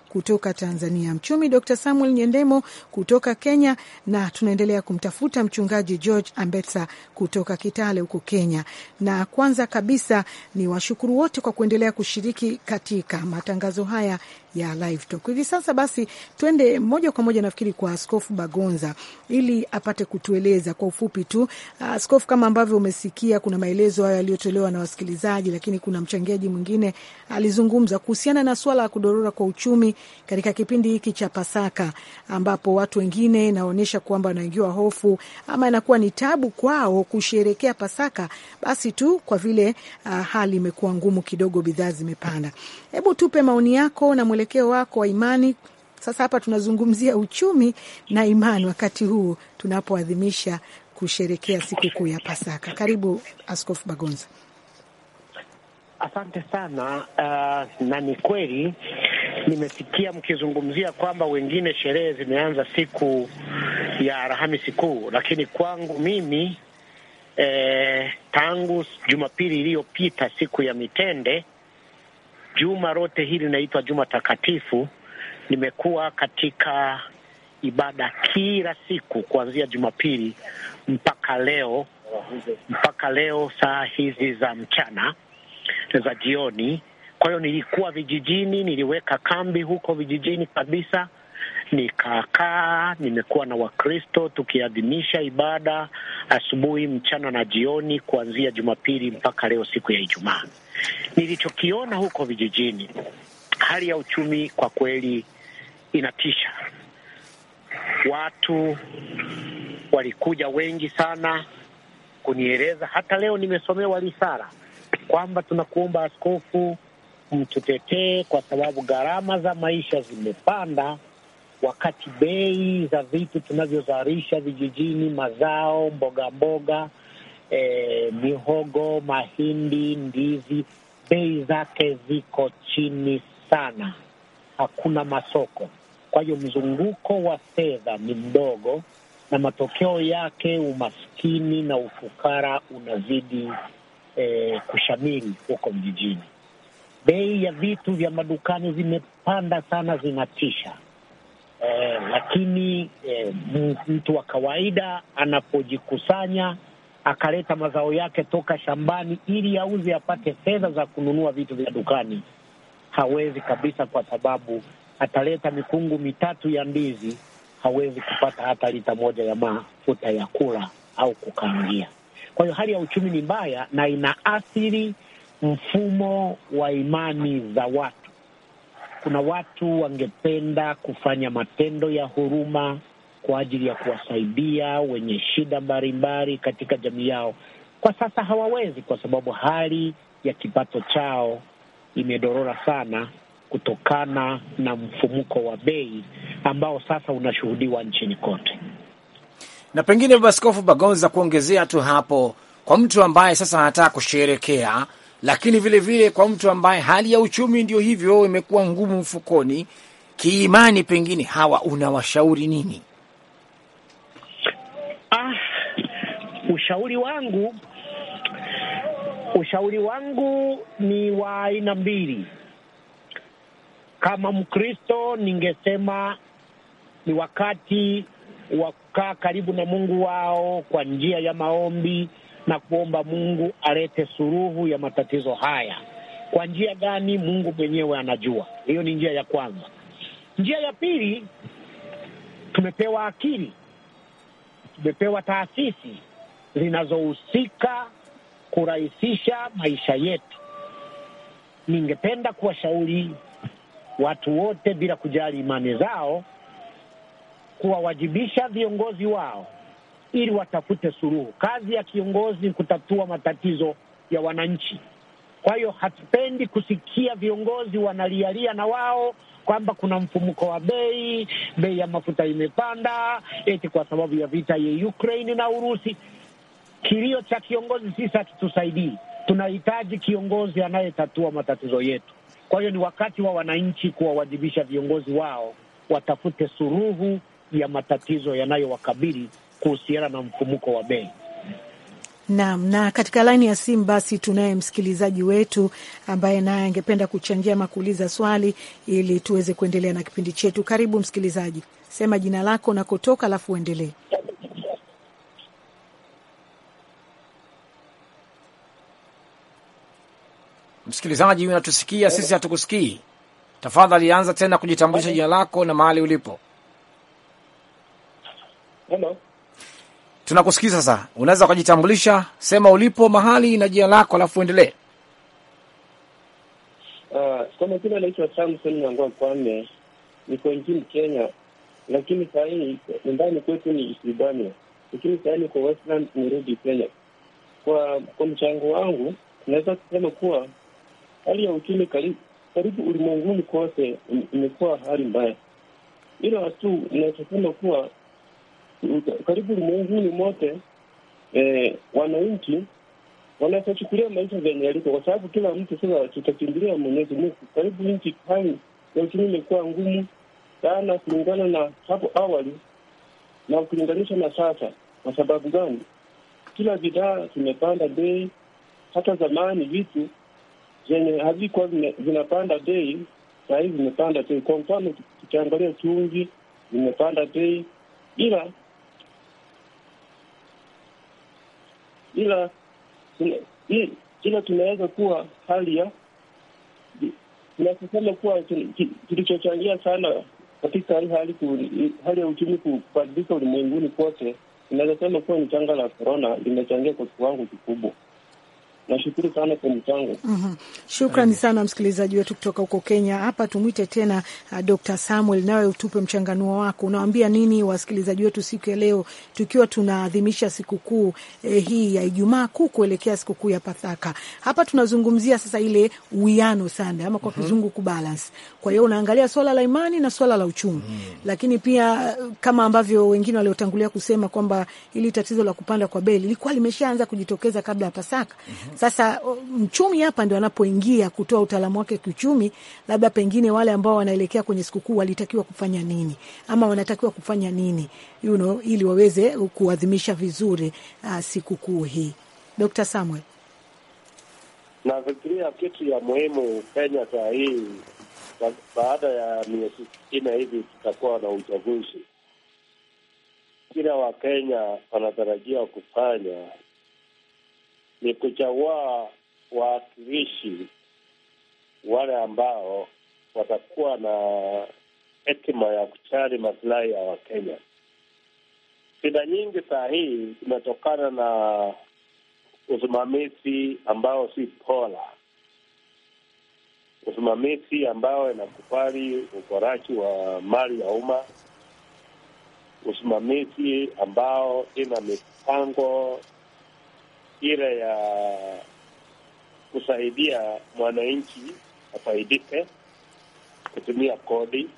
kutoka Tanzania, mchumi Dr Samuel Nyendemo kutoka Kenya, na tunaendelea kumtafuta mchungaji George Ambetsa kutoka Kitale huko Kenya. Na kwanza kabisa ni washukuru wote kwa kuendelea kushiriki katika matangazo haya ya Live Talk hivi sasa. Basi tuende moja kwa moja, nafikiri kwa Askofu Bagonza ili apate kutueleza kwa ufupi tu. Askofu, kama ambavyo umesikia, kuna maelezo hayo yaliyotolewa na wasikilizaji, lakini kuna mchangiaji mwingine alizungumza kuhusiana na swala la kudorora kwa uchumi katika kipindi hiki cha Pasaka, ambapo watu wengine inaonyesha kwamba wanaingiwa hofu ama inakuwa ni tabu kwao kusherekea Pasaka, basi tu kwa vile uh, hali imekuwa ngumu kidogo, bidhaa zimepanda. Hebu tupe maoni yako na mwelekeo wako wa imani. Sasa hapa tunazungumzia uchumi na imani wakati huu tunapoadhimisha kusherekea sikukuu ya Pasaka. Karibu Askofu Bagonza. Asante sana. Uh, na ni kweli nimesikia mkizungumzia kwamba wengine sherehe zimeanza siku ya Alhamisi Kuu, lakini kwangu mimi eh, tangu Jumapili iliyopita siku ya mitende, juma lote hili linaitwa Juma Takatifu, nimekuwa katika ibada kila siku kuanzia Jumapili mpaka leo mpaka leo saa hizi za mchana za jioni kwa hiyo nilikuwa vijijini, niliweka kambi huko vijijini kabisa, nikakaa. Nimekuwa na Wakristo tukiadhimisha ibada asubuhi, mchana na jioni, kuanzia Jumapili mpaka leo siku ya Ijumaa. Nilichokiona huko vijijini, hali ya uchumi kwa kweli inatisha. Watu walikuja wengi sana kunieleza, hata leo nimesomewa risala kwamba tunakuomba askofu mtutetee, kwa sababu gharama za maisha zimepanda, wakati bei za vitu tunavyozalisha vijijini, mazao, mboga mboga, eh, mihogo, mahindi, ndizi, bei zake ziko chini sana, hakuna masoko. Kwa hiyo mzunguko wa fedha ni mdogo, na matokeo yake umaskini na ufukara unazidi eh, kushamiri huko vijijini bei ya vitu vya madukani zimepanda sana, zinatisha. Eh, lakini eh, mtu wa kawaida anapojikusanya akaleta mazao yake toka shambani ili auze apate fedha za kununua vitu vya dukani, hawezi kabisa, kwa sababu ataleta mikungu mitatu ya ndizi, hawezi kupata hata lita moja ya mafuta ya kula au kukaangia. Kwa hiyo hali ya uchumi ni mbaya na inaathiri mfumo wa imani za watu. Kuna watu wangependa kufanya matendo ya huruma kwa ajili ya kuwasaidia wenye shida mbalimbali katika jamii yao. Kwa sasa hawawezi, kwa sababu hali ya kipato chao imedorora sana kutokana na mfumuko wa bei ambao sasa unashuhudiwa nchini kote. Na pengine Baba Askofu Bagonza, kuongezea tu hapo, kwa mtu ambaye sasa anataka kusherekea lakini vilevile vile kwa mtu ambaye hali ya uchumi ndio hivyo imekuwa ngumu mfukoni, kiimani, pengine hawa unawashauri nini? Ah, ushauri wangu ushauri wangu ni wa aina mbili. Kama Mkristo ningesema ni wakati wa kukaa karibu na Mungu wao kwa njia ya maombi na kuomba Mungu alete suluhu ya matatizo haya. Kwa njia gani? Mungu mwenyewe anajua. Hiyo ni njia ya kwanza. Njia ya pili, tumepewa akili, tumepewa taasisi zinazohusika kurahisisha maisha yetu. Ningependa kuwashauri watu wote bila kujali imani zao, kuwawajibisha viongozi wao ili watafute suluhu. Kazi ya kiongozi ni kutatua matatizo ya wananchi. Kwa hiyo hatupendi kusikia viongozi wanalialia na wao kwamba kuna mfumuko wa bei, bei ya mafuta imepanda eti kwa sababu ya vita ya Ukraine na Urusi. Kilio cha kiongozi sisi hakitusaidii. Tunahitaji kiongozi anayetatua matatizo yetu. Kwa hiyo ni wakati wa wananchi kuwawajibisha viongozi wao watafute suluhu ya matatizo yanayowakabili kuhusiana na mfumuko wa bei. Naam, na katika laini ya simu basi tunaye msikilizaji wetu ambaye naye angependa kuchangia ama kuuliza swali ili tuweze kuendelea na kipindi chetu. Karibu msikilizaji, sema jina lako na kutoka, alafu uendelee. Msikilizaji, unatusikia sisi? Hatukusikii. Tafadhali anza tena kujitambulisha, jina lako na mahali ulipo. Hello tunakusikiza sasa. Unaweza ukajitambulisha, sema ulipo, mahali na jina lako, alafu endelee. Uh, Kama kile anaitwa Samson Nyangwa Kwame, niko nchini Kenya, lakini saa hii nyumbani kwetu ni Isibania, lakini saa hii niko Westland, Nairobi, Kenya. Kwa kwa mchango wangu naweza kusema kuwa hali ya uchumi karibu ulimwenguni kote imekuwa hali mbaya, ila tu inachosema kuwa karibu ulimwenguni mote eh, wananchi wanachukulia maisha vyenye yaliko, kwa sababu kila mtu sasa tutakimbilia Mwenyezi Mungu. Karibu nchi hali ya uchumi imekuwa ngumu sana kulingana na hapo awali na ukilinganisha na sasa. Kwa sababu gani? Kila bidhaa zimepanda bei. Hata zamani vitu zenye hazikuwa vinapanda bei, saa hii zimepanda bei. Kwa mfano, tukiangalia chumvi zimepanda bei, ila ila ila tunaweza kuwa hali ya tunasema kuwa kilichochangia sana katika hii hali hali ya uchumi kubadilika ulimwenguni kote, inaweza sema kuwa ni janga la korona limechangia kwa kiwango kikubwa. Nashukuru sana kwa mchango. mm -hmm. Shukrani sana msikilizaji wetu kutoka huko Kenya. Hapa tumwite tena uh, Dr. Samuel, nawe utupe mchanganuo wako, unawaambia nini wasikilizaji wetu siku ya leo, tukiwa tunaadhimisha sikukuu eh, hii ya Ijumaa Kuu kuelekea sikukuu ya Pasaka. Hapa tunazungumzia sasa ile uwiano sana, ama kwa mhm. kizungu mm -hmm. kubalance. Kwa hiyo unaangalia swala la imani na swala la uchumi mm -hmm. lakini pia uh, kama ambavyo wengine waliotangulia kusema kwamba ili tatizo la kupanda kwa beli lilikuwa limeshaanza kujitokeza kabla ya Pasaka mm -hmm. Sasa mchumi hapa ndio anapoingia kutoa utaalamu wake kiuchumi, labda pengine wale ambao wanaelekea kwenye sikukuu walitakiwa kufanya nini ama wanatakiwa kufanya nini you know, ili waweze kuadhimisha vizuri uh, sikukuu hii. Dr. Samuel, nafikiria kitu ya muhimu Kenya saa hii, baada ya miezi sitini hivi tutakuwa na uchaguzi. Kila Wakenya wanatarajia kufanya ni kuchagua wawakilishi wale ambao watakuwa na hekima ya kuchari masilahi ya Wakenya. Shida nyingi saa hii zimetokana na usimamizi ambao si pola, usimamizi ambao inakubali uporaji wa mali ya umma, usimamizi ambao ina mipango ile ya kusaidia mwananchi afaidike kutumia kodi.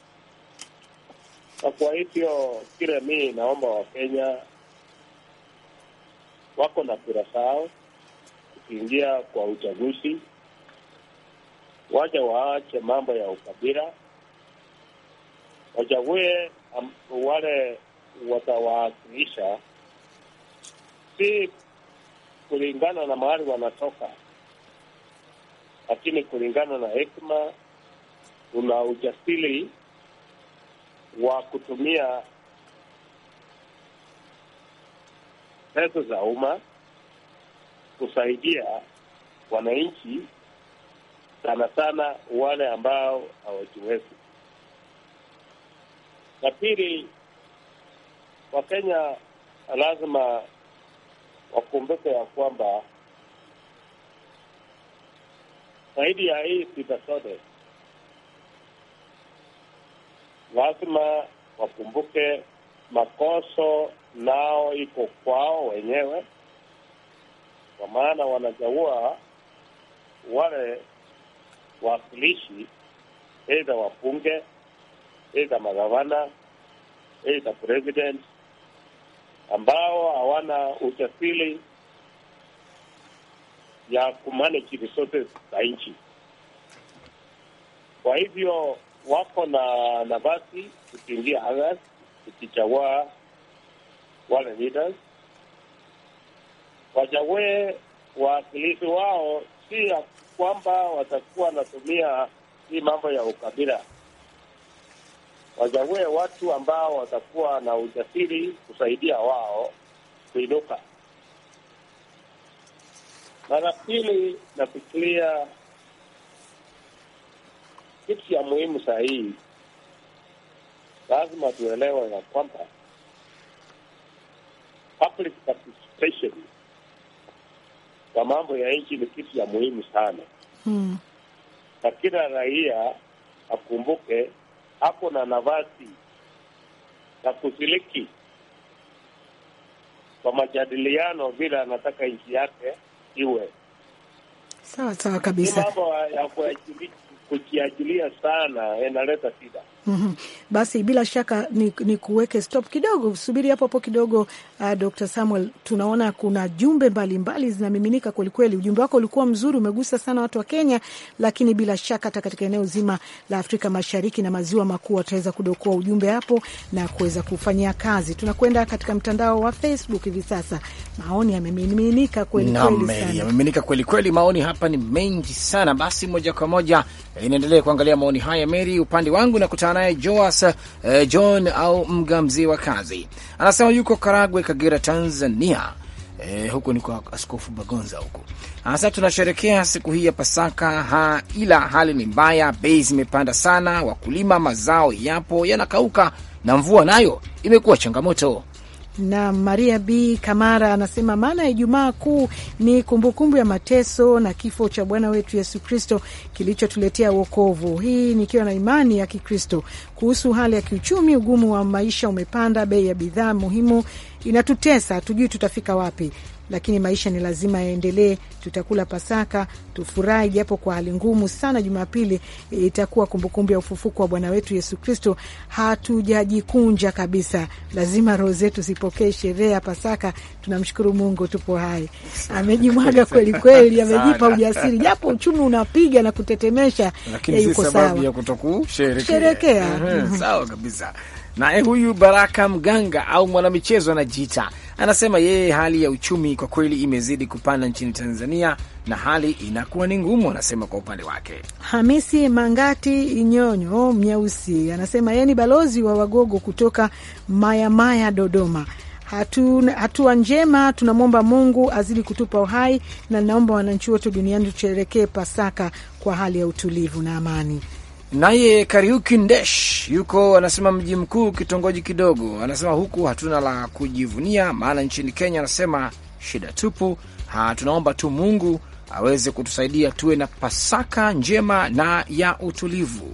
Na kwa hivyo kile mi naomba Wakenya wako na kura zao kukiingia kwa uchaguzi, waja waache mambo ya ukabila, wachague wale watawaakilisha si kulingana na mahali wanatoka, lakini kulingana na hekima, una ujasiri wa kutumia pesa za umma kusaidia wananchi, sana sana wale ambao hawajiwezi. La pili, Wakenya lazima wakumbuke ya kwamba zaidi ya hii sifa lazima wakumbuke makoso nao iko kwao wenyewe, kwa maana wanajaua wale wakilishi, aidha wabunge, aidha magavana, aidha president ambao hawana ujasiri ya kumanage resources za nchi. Kwa hivyo wako na nafasi kukiingia August tukichagua wale leaders, wachague wawakilishi wao, si ya kwamba watakuwa wanatumia hii mambo ya ukabila wachague watu ambao watakuwa na ujasiri kusaidia wao kuinuka. Na pili, nafikiria kitu cha muhimu sahihi, lazima tuelewe ya kwamba public participation kwa mambo ya nchi ni kitu ya muhimu sana, hmm. na kila raia akumbuke hapo na nafasi ya kushiriki kwa majadiliano vile anataka nchi yake iwe sawa sawa kabisa. Mambo ya kujiajilia sana inaleta shida. Mm -hmm. Basi bila shaka ni, ni kuweke stop kidogo, subiri hapo hapo kidogo. Uh, Dr. Samuel, tunaona kuna jumbe mbalimbali zinamiminika kwelikweli. Ujumbe wako ulikuwa mzuri, umegusa sana watu wa Kenya, lakini bila shaka hata katika eneo zima la Afrika Mashariki na maziwa makuu wataweza kudokoa ujumbe hapo na kuweza kufanyia kazi. Tunakwenda katika mtandao wa Facebook hivi sasa, maoni yamemiminika kwelikweli sana, yamemiminika kwelikweli. Maoni hapa ni mengi sana. Basi moja kwa moja eh, inaendelea kuangalia maoni haya. Mary upande wangu nakutana tunaungana naye Joas eh, John au mga mzee wa kazi, anasema yuko Karagwe, Kagera, Tanzania. Eh, huko ni kwa Askofu Bagonza huko. Sasa tunasherekea siku hii ya Pasaka ha, ila hali ni mbaya, bei zimepanda sana, wakulima mazao yapo yanakauka na mvua nayo imekuwa changamoto na Maria B Kamara anasema maana ya Ijumaa Kuu ni kumbukumbu kumbu ya mateso na kifo cha Bwana wetu Yesu Kristo kilichotuletea wokovu. Hii nikiwa na imani ya Kikristo. Kuhusu hali ya kiuchumi, ugumu wa maisha umepanda, bei ya bidhaa muhimu inatutesa, hatujui tutafika wapi lakini maisha ni lazima yaendelee. Tutakula Pasaka, tufurahi japo kwa hali ngumu sana. Jumapili itakuwa kumbukumbu ya ufufuko wa Bwana wetu Yesu Kristo. Hatujajikunja kabisa, lazima roho zetu zipokee sherehe ya Pasaka. Tunamshukuru Mungu tupo hai, amejimwaga kweli kweli, amejipa ujasiri japo uchumi unapiga na kutetemesha, yuko sawa ya kutokusherekea. Mm-hmm. Sawa kabisa. Naye huyu Baraka Mganga au mwanamichezo anajiita Anasema yeye hali ya uchumi kwa kweli imezidi kupanda nchini Tanzania na hali inakuwa ni ngumu, anasema kwa upande wake. Hamisi Mangati Inyonyo Mnyeusi anasema yeye ni balozi wa Wagogo kutoka Mayamaya Dodoma. Hatua hatu njema, tunamwomba Mungu azidi kutupa uhai, na naomba wananchi wote duniani tusherekee Pasaka kwa hali ya utulivu na amani. Naye Kariuki Ndesh yuko anasema mji mkuu kitongoji kidogo, anasema huku hatuna la kujivunia, maana nchini Kenya anasema shida tupu. Ha, tunaomba tu Mungu aweze kutusaidia tuwe na Pasaka njema na ya utulivu.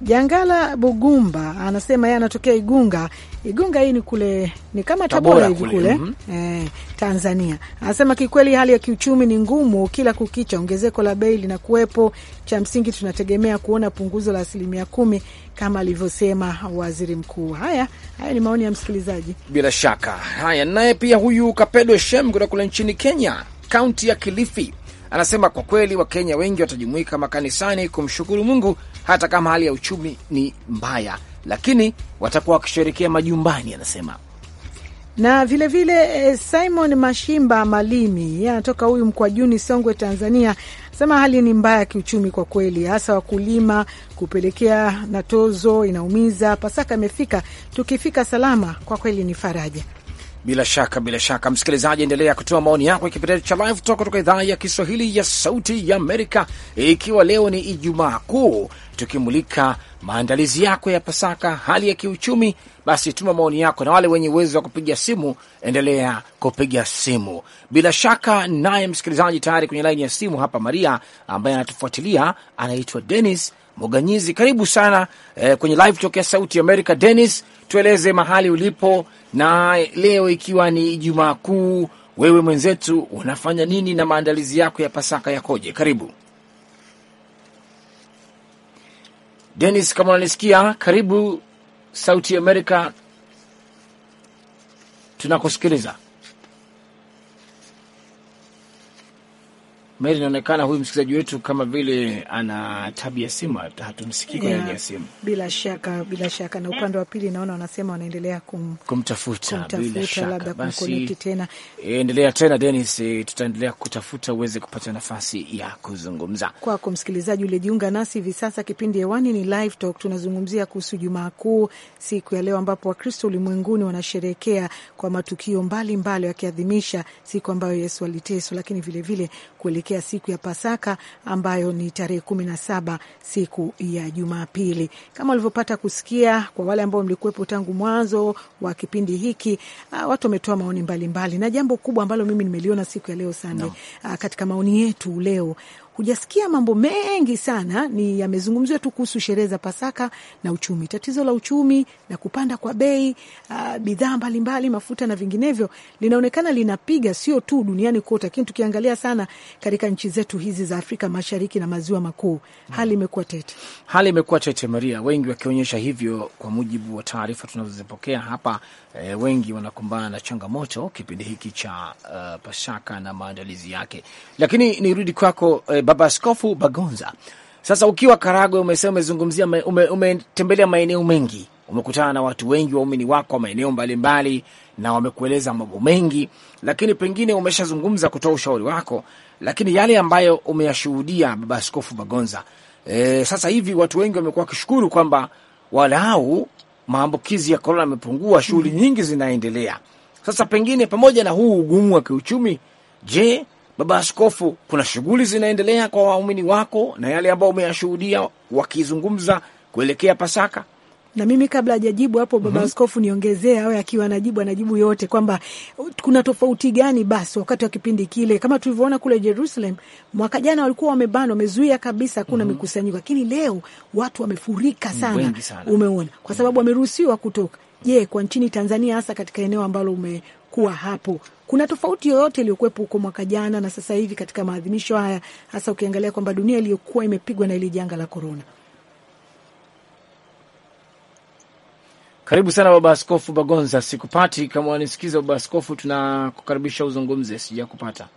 Jangala Bugumba anasema yeye anatokea Igunga, Igunga hii ni kule ni kama Tabora hivi kule, mm -hmm. eh, Tanzania. Anasema kikweli hali ya kiuchumi ni ngumu kila kukicha, ongezeko la bei linakuwepo. Cha msingi tunategemea kuona punguzo la asilimia kumi kama alivyosema waziri mkuu. Haya, haya ni maoni ya msikilizaji bila shaka. Haya, naye pia huyu Kapedo Shem kutoka kule nchini Kenya, kaunti ya Kilifi anasema kwa kweli Wakenya wengi watajumuika makanisani kumshukuru Mungu hata kama hali ya uchumi ni mbaya lakini watakuwa wakisherekea majumbani, anasema na vilevile vile, eh, Simon Mashimba Malimi anatoka huyu juni Songwe, Tanzania, sema hali ni mbaya ya kiuchumi kwa kweli, hasa wakulima kupelekea na tozo inaumiza. Pasaka imefika, tukifika salama kwa kweli ni faraja. Bila shaka, bila shaka, msikilizaji, endelea kutoa maoni yako kipindi cha live talk kutoka idhaa ya Kiswahili ya Sauti ya Amerika, ikiwa leo ni Ijumaa Kuu, tukimulika maandalizi yako ya Pasaka, hali ya kiuchumi. Basi tuma maoni yako, na wale wenye uwezo wa kupiga simu, endelea kupiga simu. Bila shaka, naye msikilizaji tayari kwenye laini ya simu hapa, Maria ambaye anatufuatilia anaitwa Dennis Muganyizi, karibu sana eh, kwenye live ya Sauti Amerika. Dennis, tueleze mahali ulipo na leo ikiwa ni Ijumaa Kuu, wewe mwenzetu unafanya nini na maandalizi yako ya Pasaka yakoje? Karibu Dennis, kama unanisikia, karibu Sauti Amerika, tunakusikiliza. Mary, inaonekana huyu msikilizaji wetu kama vile ana tabia simu, hatumsikii kwenye yeah, simu. Bila shaka, bila shaka. Na upande wa pili naona wanasema wanaendelea kum, kumtafuta, kumtafuta labda kumkonekti tena. Endelea tena Denis, eh, tutaendelea kutafuta uweze kupata nafasi ya kuzungumza kwako. Msikilizaji ulijiunga nasi hivi sasa, kipindi hewani ni Live Talk. Tunazungumzia kuhusu Jumaa Kuu siku ya leo, ambapo Wakristo ulimwenguni wanasherekea kwa matukio mbalimbali, wakiadhimisha siku ambayo Yesu aliteswa, lakini vilevile kuelekea kuelekea siku ya Pasaka ambayo ni tarehe kumi na saba siku ya Jumapili. Kama ulivyopata kusikia, kwa wale ambao mlikuwepo tangu mwanzo wa kipindi hiki, ah, watu wametoa maoni mbalimbali mbali. na jambo kubwa ambalo mimi nimeliona siku ya leo sana no. Ah, katika maoni yetu leo hujasikia mambo mengi sana, ni yamezungumziwa tu kuhusu sherehe za Pasaka na uchumi, tatizo la uchumi na kupanda kwa bei uh, bidhaa mbalimbali, mafuta na vinginevyo, linaonekana linapiga sio tu duniani kote, lakini tukiangalia sana katika nchi zetu hizi za Afrika Mashariki na Maziwa Makuu, hali imekuwa tete. Hali imekuwa tete, Maria, wengi wakionyesha hivyo, kwa mujibu wa taarifa tunazozipokea hapa e, wengi wanakumbana na changamoto kipindi hiki cha uh, Pasaka na maandalizi yake. Lakini nirudi kwako e, Baba Askofu Bagonza, sasa ukiwa Karagwe umesema umezungumzia, umetembelea ume maeneo mengi, umekutana na watu wengi, waumini wako wa maeneo mbalimbali, na wamekueleza mambo mengi, lakini pengine umeshazungumza kutoa ushauri wako, lakini yale ambayo umeyashuhudia Baba Askofu Bagonza, e, sasa hivi watu wengi wamekuwa wakishukuru kwamba walau maambukizi ya korona yamepungua, shughuli mm -hmm. nyingi zinaendelea. Sasa pengine pamoja na huu ugumu wa kiuchumi, je, Baba Askofu, kuna shughuli zinaendelea kwa waumini wako na yale ambayo umeyashuhudia wakizungumza kuelekea Pasaka? na mimi kabla hajajibu hapo baba mm -hmm. Askofu niongezee, awe akiwa anajibu anajibu yote, kwamba kuna tofauti gani basi wakati wa kipindi kile, kama tulivyoona kule Jerusalem mwaka jana walikuwa wamebana, wamezuia kabisa, hakuna mhm. mikusanyiko mm -hmm. Lakini leo watu wamefurika sana, sana. Umeona kwa mhm. sababu wameruhusiwa kutoka. Je, kwa nchini Tanzania hasa katika eneo ambalo umekuwa hapo kuna tofauti yoyote iliyokuwepo huko mwaka jana na sasa hivi katika maadhimisho haya, hasa ukiangalia kwamba dunia iliyokuwa imepigwa na ile janga la korona? Karibu sana baba askofu Bagonza, sikupati kama wanisikiza baba askofu, tunakukaribisha uzungumze, sijakupata.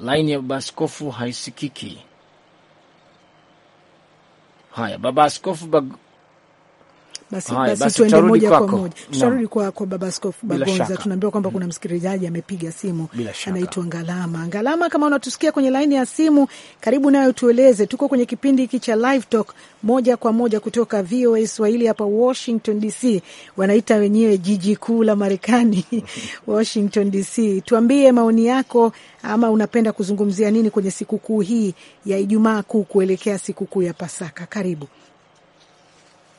Laini ya baba askofu haisikiki. Haya, baba askofu bag basi, hai, basi, basi tuende moja kwa moja, tutarudi kwa, kwa Baba Askofu Bagonza. Tunaambiwa kwamba mm. kuna msikilizaji amepiga simu anaitwa Ngalama. Ngalama, kama unatusikia kwenye laini ya simu, karibu nayo tueleze. Tuko kwenye kipindi hiki cha Live Talk moja kwa moja kutoka VOA Swahili hapa Washington DC, wanaita wenyewe jiji kuu la Marekani Washington DC. Tuambie maoni yako, ama unapenda kuzungumzia nini kwenye sikukuu hii ya Ijumaa Kuu kuelekea sikukuu ya Pasaka? Karibu.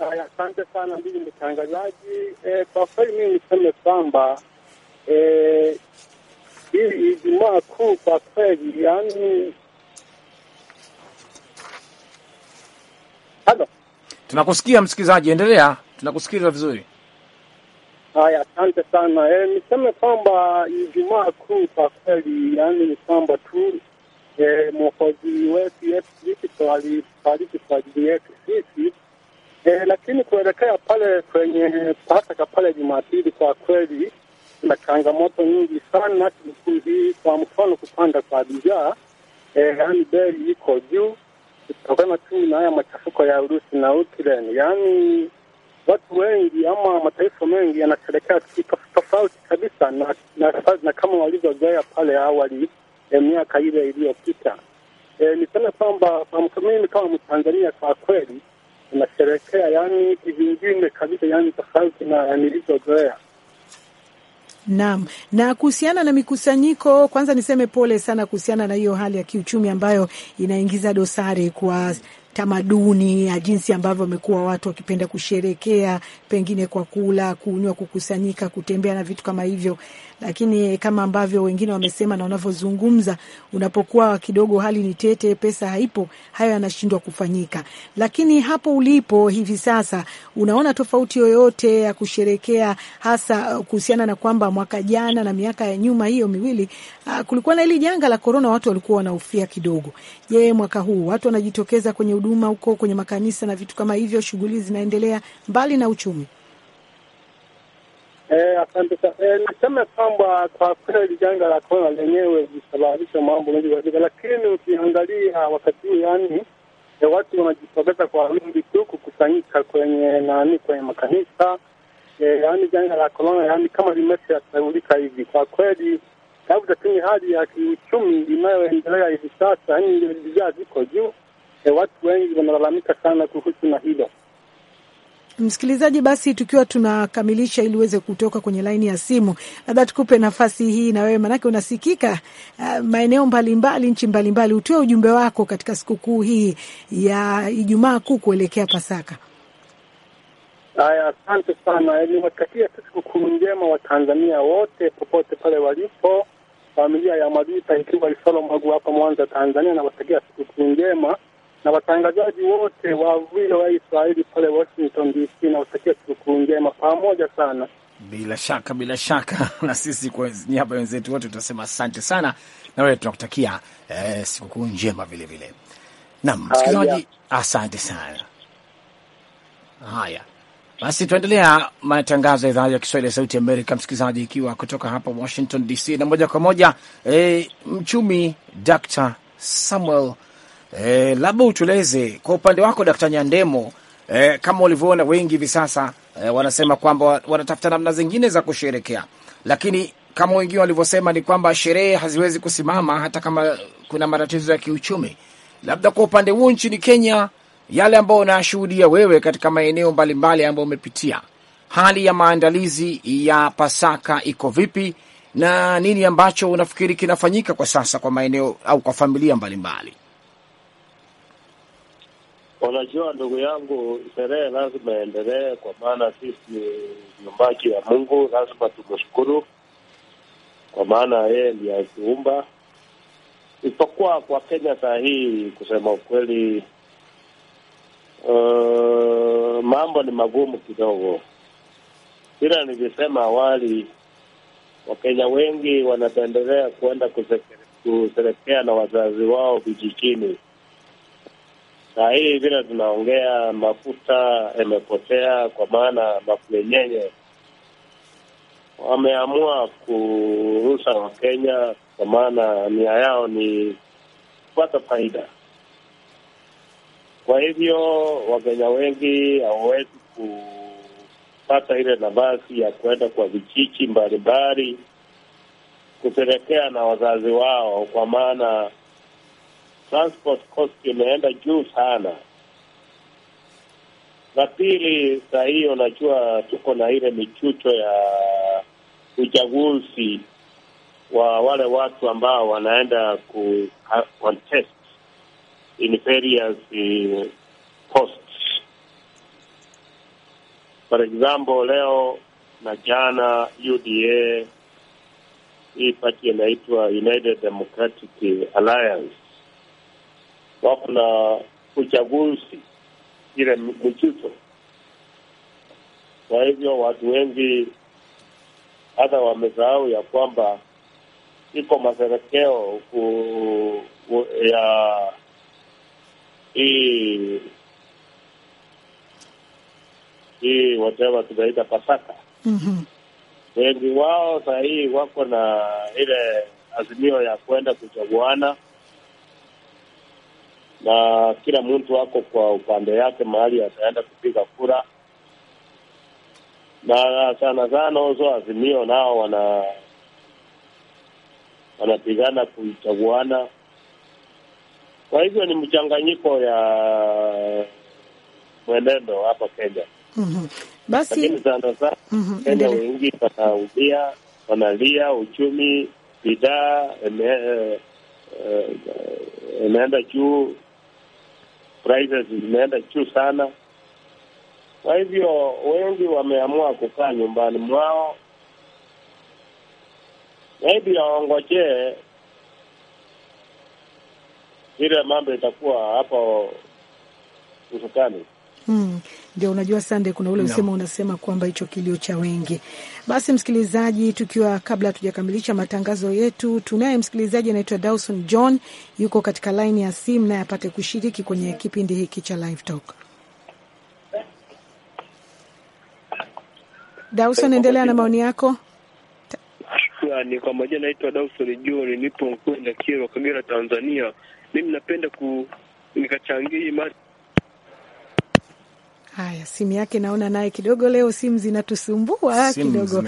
Haya, asante sana mbili mtangazaji. Eh, kwa kweli mimi niseme kwamba eh, hii Ijumaa Kuu kwa kweli, yani halo, tunakusikia msikilizaji, endelea, tunakusikiliza vizuri. Haya, asante sana. E, niseme kwamba Ijumaa Kuu kwa kweli, yani ni kwamba tu e, mwokozi wetu Yesu Kristo alifariki kwa ajili yetu sisi E, lakini kuelekea pale kwenye pasaka pale Jumapili, kwa kweli na changamoto nyingi sana sikukuu hii. Kwa mfano, kupanda kwa bidhaa, eh, yani bei iko juu kutokana tu na haya machafuko ya Urusi na Ukraine. Yaani watu wengi ama mataifa mengi yanasherekea kitu tofauti kabisa na, na, na kama walivyozoea pale awali e, miaka ile iliyopita. E, niseme kwamba kwa mimi kama Mtanzania kwa kweli nasherekea yani vingine kabisa, yani tofauti na nilizozoea. Naam, na kuhusiana na mikusanyiko, kwanza niseme pole sana kuhusiana na hiyo hali ya kiuchumi ambayo inaingiza dosari kwa tamaduni ya jinsi ambavyo wamekuwa watu wakipenda kusherekea, pengine kwa kula, kunywa, kukusanyika, kutembea na vitu kama hivyo lakini kama ambavyo wengine wamesema na wanavyozungumza, unapokuwa kidogo hali ni tete, pesa haipo, hayo yanashindwa kufanyika. Lakini hapo ulipo hivi sasa, unaona tofauti yoyote ya kusherekea, hasa uh, kuhusiana na kwamba mwaka jana na miaka ya nyuma hiyo miwili uh, kulikuwa na hili janga la korona, watu walikuwa wanahofia kidogo. Je, mwaka huu watu wanajitokeza kwenye huduma huko kwenye makanisa na vitu kama hivyo, shughuli zinaendelea mbali na uchumi? Eh, asante sana. Eh, niseme kwamba kwa kweli janga la korona lenyewe lisababisha mambo mengi katika, lakini ukiangalia wakati huu yani eh, watu wanajitokeza kwa wingi tu kukusanyika kwenye nani, kwenye makanisa eh, yani janga la korona yani kama limeshasaulika hivi kwa kweli, labda kini hali ya kiuchumi inayoendelea hivi sasa yani bidhaa ziko juu eh, watu wengi wanalalamika sana kuhusu na hilo. Msikilizaji, basi tukiwa tunakamilisha, ili uweze kutoka kwenye laini ya simu, labda tukupe nafasi hii na wewe, maanake unasikika uh, maeneo mbalimbali, nchi mbalimbali, utoe ujumbe wako katika sikukuu hii ya Ijumaa Kuu kuelekea Pasaka. Haya, asante sana. Niwatakia tu sikukuu njema Watanzania wote popote pale walipo. Familia ya Madita ikiwa Isolo Magu hapa Mwanza, Tanzania, nawatakia sikukuu njema na watangazaji wote wa vile wa Israeli pale Washington DC, na watakia sikukuu njema pamoja sana. Bila shaka, bila shaka na sisi kwa niaba wenzetu wote tutasema asante sana, na wewe tunakutakia eh, sikukuu njema vile vile. Naam msikilizaji, asante sana. Haya basi, tuendelea matangazo ya idhaa ya Kiswahili ya Sauti Amerika, msikilizaji, ikiwa kutoka hapa Washington DC, na moja kwa moja eh, mchumi Dr. Samuel e, labda utueleze kwa upande wako Dkt. Nyandemo, e, kama ulivyoona wengi hivi sasa e, wanasema kwamba wanatafuta namna zingine za kusherekea, lakini kama wengine walivyosema ni kwamba sherehe haziwezi kusimama hata kama kuna matatizo ya kiuchumi. Labda kwa upande huo nchini Kenya, yale ambayo unashuhudia wewe katika maeneo mbalimbali ambayo umepitia, hali ya maandalizi ya Pasaka iko vipi na nini ambacho unafikiri kinafanyika kwa sasa kwa maeneo au kwa familia mbalimbali? Unajua ndugu yangu, sherehe lazima endelee, kwa maana sisi nyumbaki ya Mungu lazima tumshukuru, kwa maana yeye ndiye aliumba. Isipokuwa kwa Kenya saa hii, kusema ukweli, uh, mambo ni magumu kidogo. Ila nilisema awali, Wakenya wengi wanapendelea kuenda kuserekea na wazazi wao vijijini saa hii vile tunaongea mafuta yamepotea, kwa maana mafuenyenye yenyewe wameamua kurusha Wakenya, kwa maana nia yao ni kupata faida. Kwa hivyo Wakenya wengi hawawezi kupata ile nafasi ya kuenda kwa vijiji mbalimbali kupelekea na wazazi wao, kwa maana transport cost imeenda juu sana. La pili, saa hii unajua tuko na ile michucho ya uchaguzi wa wale watu ambao wanaenda ku contest in various eh, posts. For example, leo na jana UDA hii pati inaitwa United Democratic Alliance wako na uchaguzi ile mchuto. Kwa hivyo watu wengi hata wamesahau ya kwamba iko maserekeo ku, ku, ya hii hii whatever tunaita Pasaka. mm-hmm. Wengi wao hii wako na ile azimio ya kwenda kuchaguana na kila mtu ako kwa upande yake mahali ataenda kupiga kura, na sana sana uzo azimio nao wana wanapigana kuchaguana. Kwa hivyo ni mchanganyiko ya mwenendo hapa Kenya. mm -hmm. Basi lakini sana sana mm -hmm. Kenya wengi wanaumia, wanalia, uchumi, bidhaa imeenda eh, eh, eh, juu prices zimeenda juu sana. Kwa hivyo wengi wameamua kukaa nyumbani mwao, maybe waongojee vile mambo itakuwa hapo Usukani. Hmm. ndio unajua, Sande, kuna ule usema Unasema kwamba hicho kilio cha wengi basi msikilizaji, tukiwa kabla hatujakamilisha matangazo yetu, tunaye msikilizaji anaitwa Dawson John, yuko katika laini ya simu, naye apate kushiriki kwenye kipindi hiki cha Live Talk. Dawson, endelea na maoni yako. Shukrani kwa moja. Naitwa Dawson John, nipo Nkwenda Kyerwa, Kagera, Tanzania. Mimi napenda ku nikachangia mada Haya, simu yake naona naye kidogo leo simu zinatusumbua kidogo,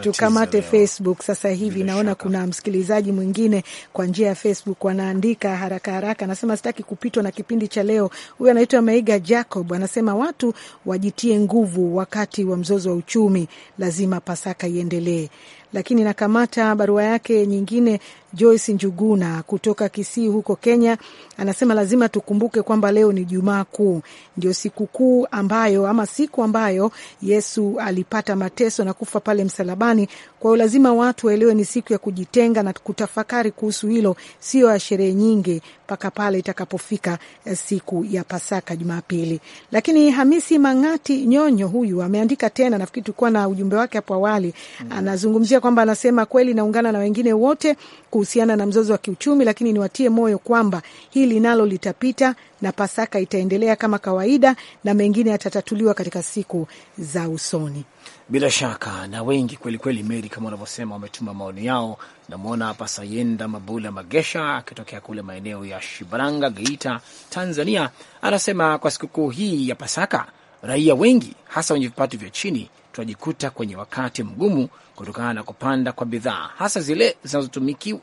tukamate Facebook sasa hivi. Bile naona shaka, kuna msikilizaji mwingine kwa njia ya Facebook wanaandika haraka haraka, anasema sitaki kupitwa na kipindi cha leo. Huyu anaitwa Maiga Jacob, anasema watu wajitie nguvu wakati wa mzozo wa uchumi, lazima Pasaka iendelee lakini nakamata barua yake nyingine Joyce Njuguna kutoka Kisii huko Kenya anasema lazima tukumbuke kwamba leo ni Jumaa Kuu, ndio siku kuu ambayo ama siku ambayo Yesu alipata mateso na kufa pale msalabani. Kwa hiyo lazima watu waelewe ni siku ya kujitenga na kutafakari kuhusu hilo, sio ya sherehe nyingi mpaka pale itakapofika eh, siku ya Pasaka Jumapili. Lakini Hamisi Mang'ati Nyonyo huyu ameandika tena, nafikiri tulikuwa na ujumbe wake hapo awali, mm. anazungumzia kwamba anasema kweli naungana na wengine wote ku kuhusiana na mzozo wa kiuchumi, lakini niwatie moyo kwamba hili nalo litapita na Pasaka itaendelea kama kawaida na mengine yatatatuliwa katika siku za usoni. Bila shaka na wengi kwelikweli, Meri, kama unavyosema, wametuma maoni yao. Namwona hapa Sayenda Mabula Magesha akitokea kule maeneo ya Shibaranga, Geita, Tanzania, anasema kwa sikukuu hii ya Pasaka raia wengi hasa wenye vipato vya chini tunajikuta kwenye wakati mgumu kutokana na kupanda kwa bidhaa hasa zile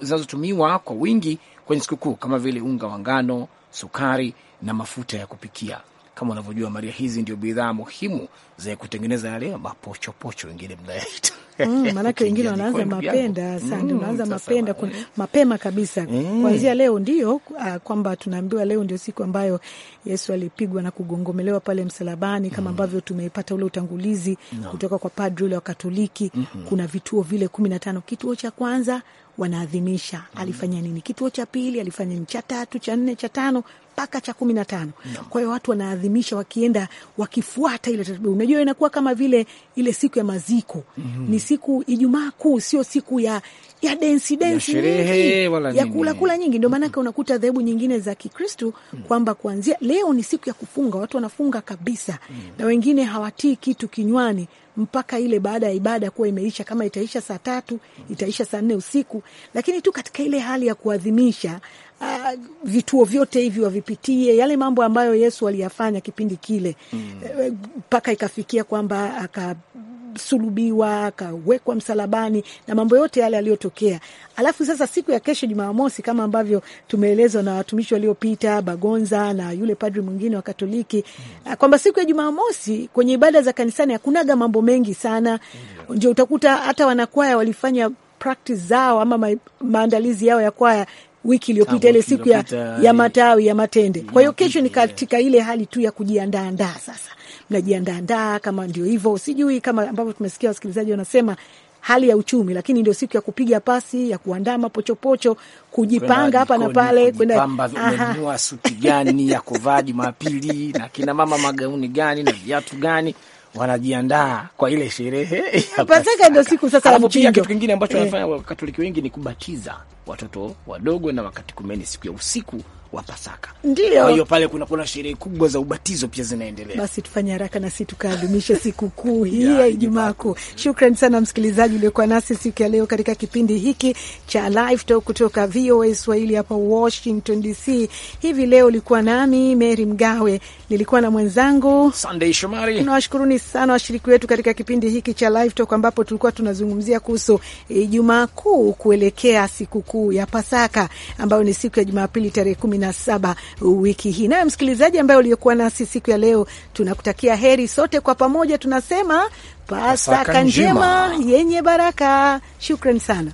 zinazotumiwa kwa wingi kwenye sikukuu kama vile unga wa ngano, sukari na mafuta ya kupikia kama unavyojua Maria, hizi ndio bidhaa muhimu za kutengeneza yale mapochopocho wengine mnayaita. Mm, maanake wengine wanaanza mapenda sana, mm, unaanza mapenda kuna, mapema kabisa mm. Kuanzia leo ndio ah, kwamba tunaambiwa leo ndio siku ambayo Yesu alipigwa na kugongomelewa pale msalabani kama mm. ambavyo mm. tumeipata ule utangulizi no. kutoka kwa padri ule wa Katoliki mm -hmm. Kuna vituo vile kumi na tano. Kituo cha kwanza wanaadhimisha mm. alifanya nini, kituo cha pili alifanya nini, cha tatu, cha nne, cha tano mpaka cha kumi na tano. Kwa hiyo watu wanaadhimisha wakienda wakifuata ile taratibu. Unajua inakuwa kama vile ile siku ya maziko. Mm -hmm. Ni siku Ijumaa Kuu, sio siku ya ya densi densi nyingi ya kula kula nyingi. Ndio mhm. maanake unakuta dhehebu nyingine za Kikristu mhm. kwamba kuanzia leo ni siku ya kufunga, watu wanafunga kabisa mm. na wengine hawatii kitu kinywani mpaka ile baada ya ibada kuwa imeisha. Kama itaisha saa tatu, itaisha saa nne usiku, lakini tu katika ile hali ya kuadhimisha uh, vituo vyote hivi wavipi tupitie yale mambo ambayo Yesu aliyafanya kipindi kile hmm. eh, mpaka mm. ikafikia kwamba aka sulubiwa akawekwa msalabani na mambo yote yale aliyotokea. Alafu sasa siku ya kesho Jumamosi, kama ambavyo tumeelezwa na watumishi waliopita Bagonza na yule padri mwingine wa Katoliki mm. kwamba siku ya Jumamosi kwenye ibada za kanisani hakunaga mambo mengi sana mm. ndio utakuta hata wanakwaya walifanya practice zao ama maandalizi yao ya kwaya wiki iliyopita, ile siku ya, ya eh, matawi ya matende. Kwa hiyo kesho ni eh. katika ile hali tu ya kujiandaandaa sasa, mnajiandaandaa kama ndio hivyo, sijui kama ambavyo tumesikia wasikilizaji wanasema hali ya uchumi, lakini ndio siku ya kupiga pasi ya kuandaa mapochopocho, kujipanga hapa na pale, kwenda umenunua suti gani ya kuvaa Jumapili na kina mama magauni gani na viatu gani wanajiandaa kwa ile sherehe ya Pasaka, ndio siku sasa. Alafu pia kitu kingine ambacho eh. wanafanya Wakatoliki wengi ni kubatiza watoto wadogo, na wakati kumeni siku ya usiku wa Pasaka. Ndio, kwa hiyo pale kuna kuna sherehe kubwa za ubatizo pia zinaendelea. Basi tufanye haraka na sisi tukaadhimisha siku kuu hii ya Ijumaa Kuu. Shukrani sana msikilizaji uliokuwa nasi siku ya leo katika kipindi hiki cha Live Talk kutoka VOA Swahili hapa Washington DC. Hivi leo ulikuwa nami Mary Mgawe, nilikuwa na mwenzangu Sunday Shomari. Tunawashukuruni sana washiriki wetu katika kipindi hiki cha Live Talk ambapo tulikuwa tunazungumzia kuhusu Ijumaa Kuu kuelekea siku kuu ya Pasaka ambayo ni siku ya Jumapili tarehe 7 wiki hii. naye msikilizaji ambaye uliokuwa nasi siku ya leo, tunakutakia heri sote kwa pamoja, tunasema Pasaka njema yenye baraka. Shukran sana.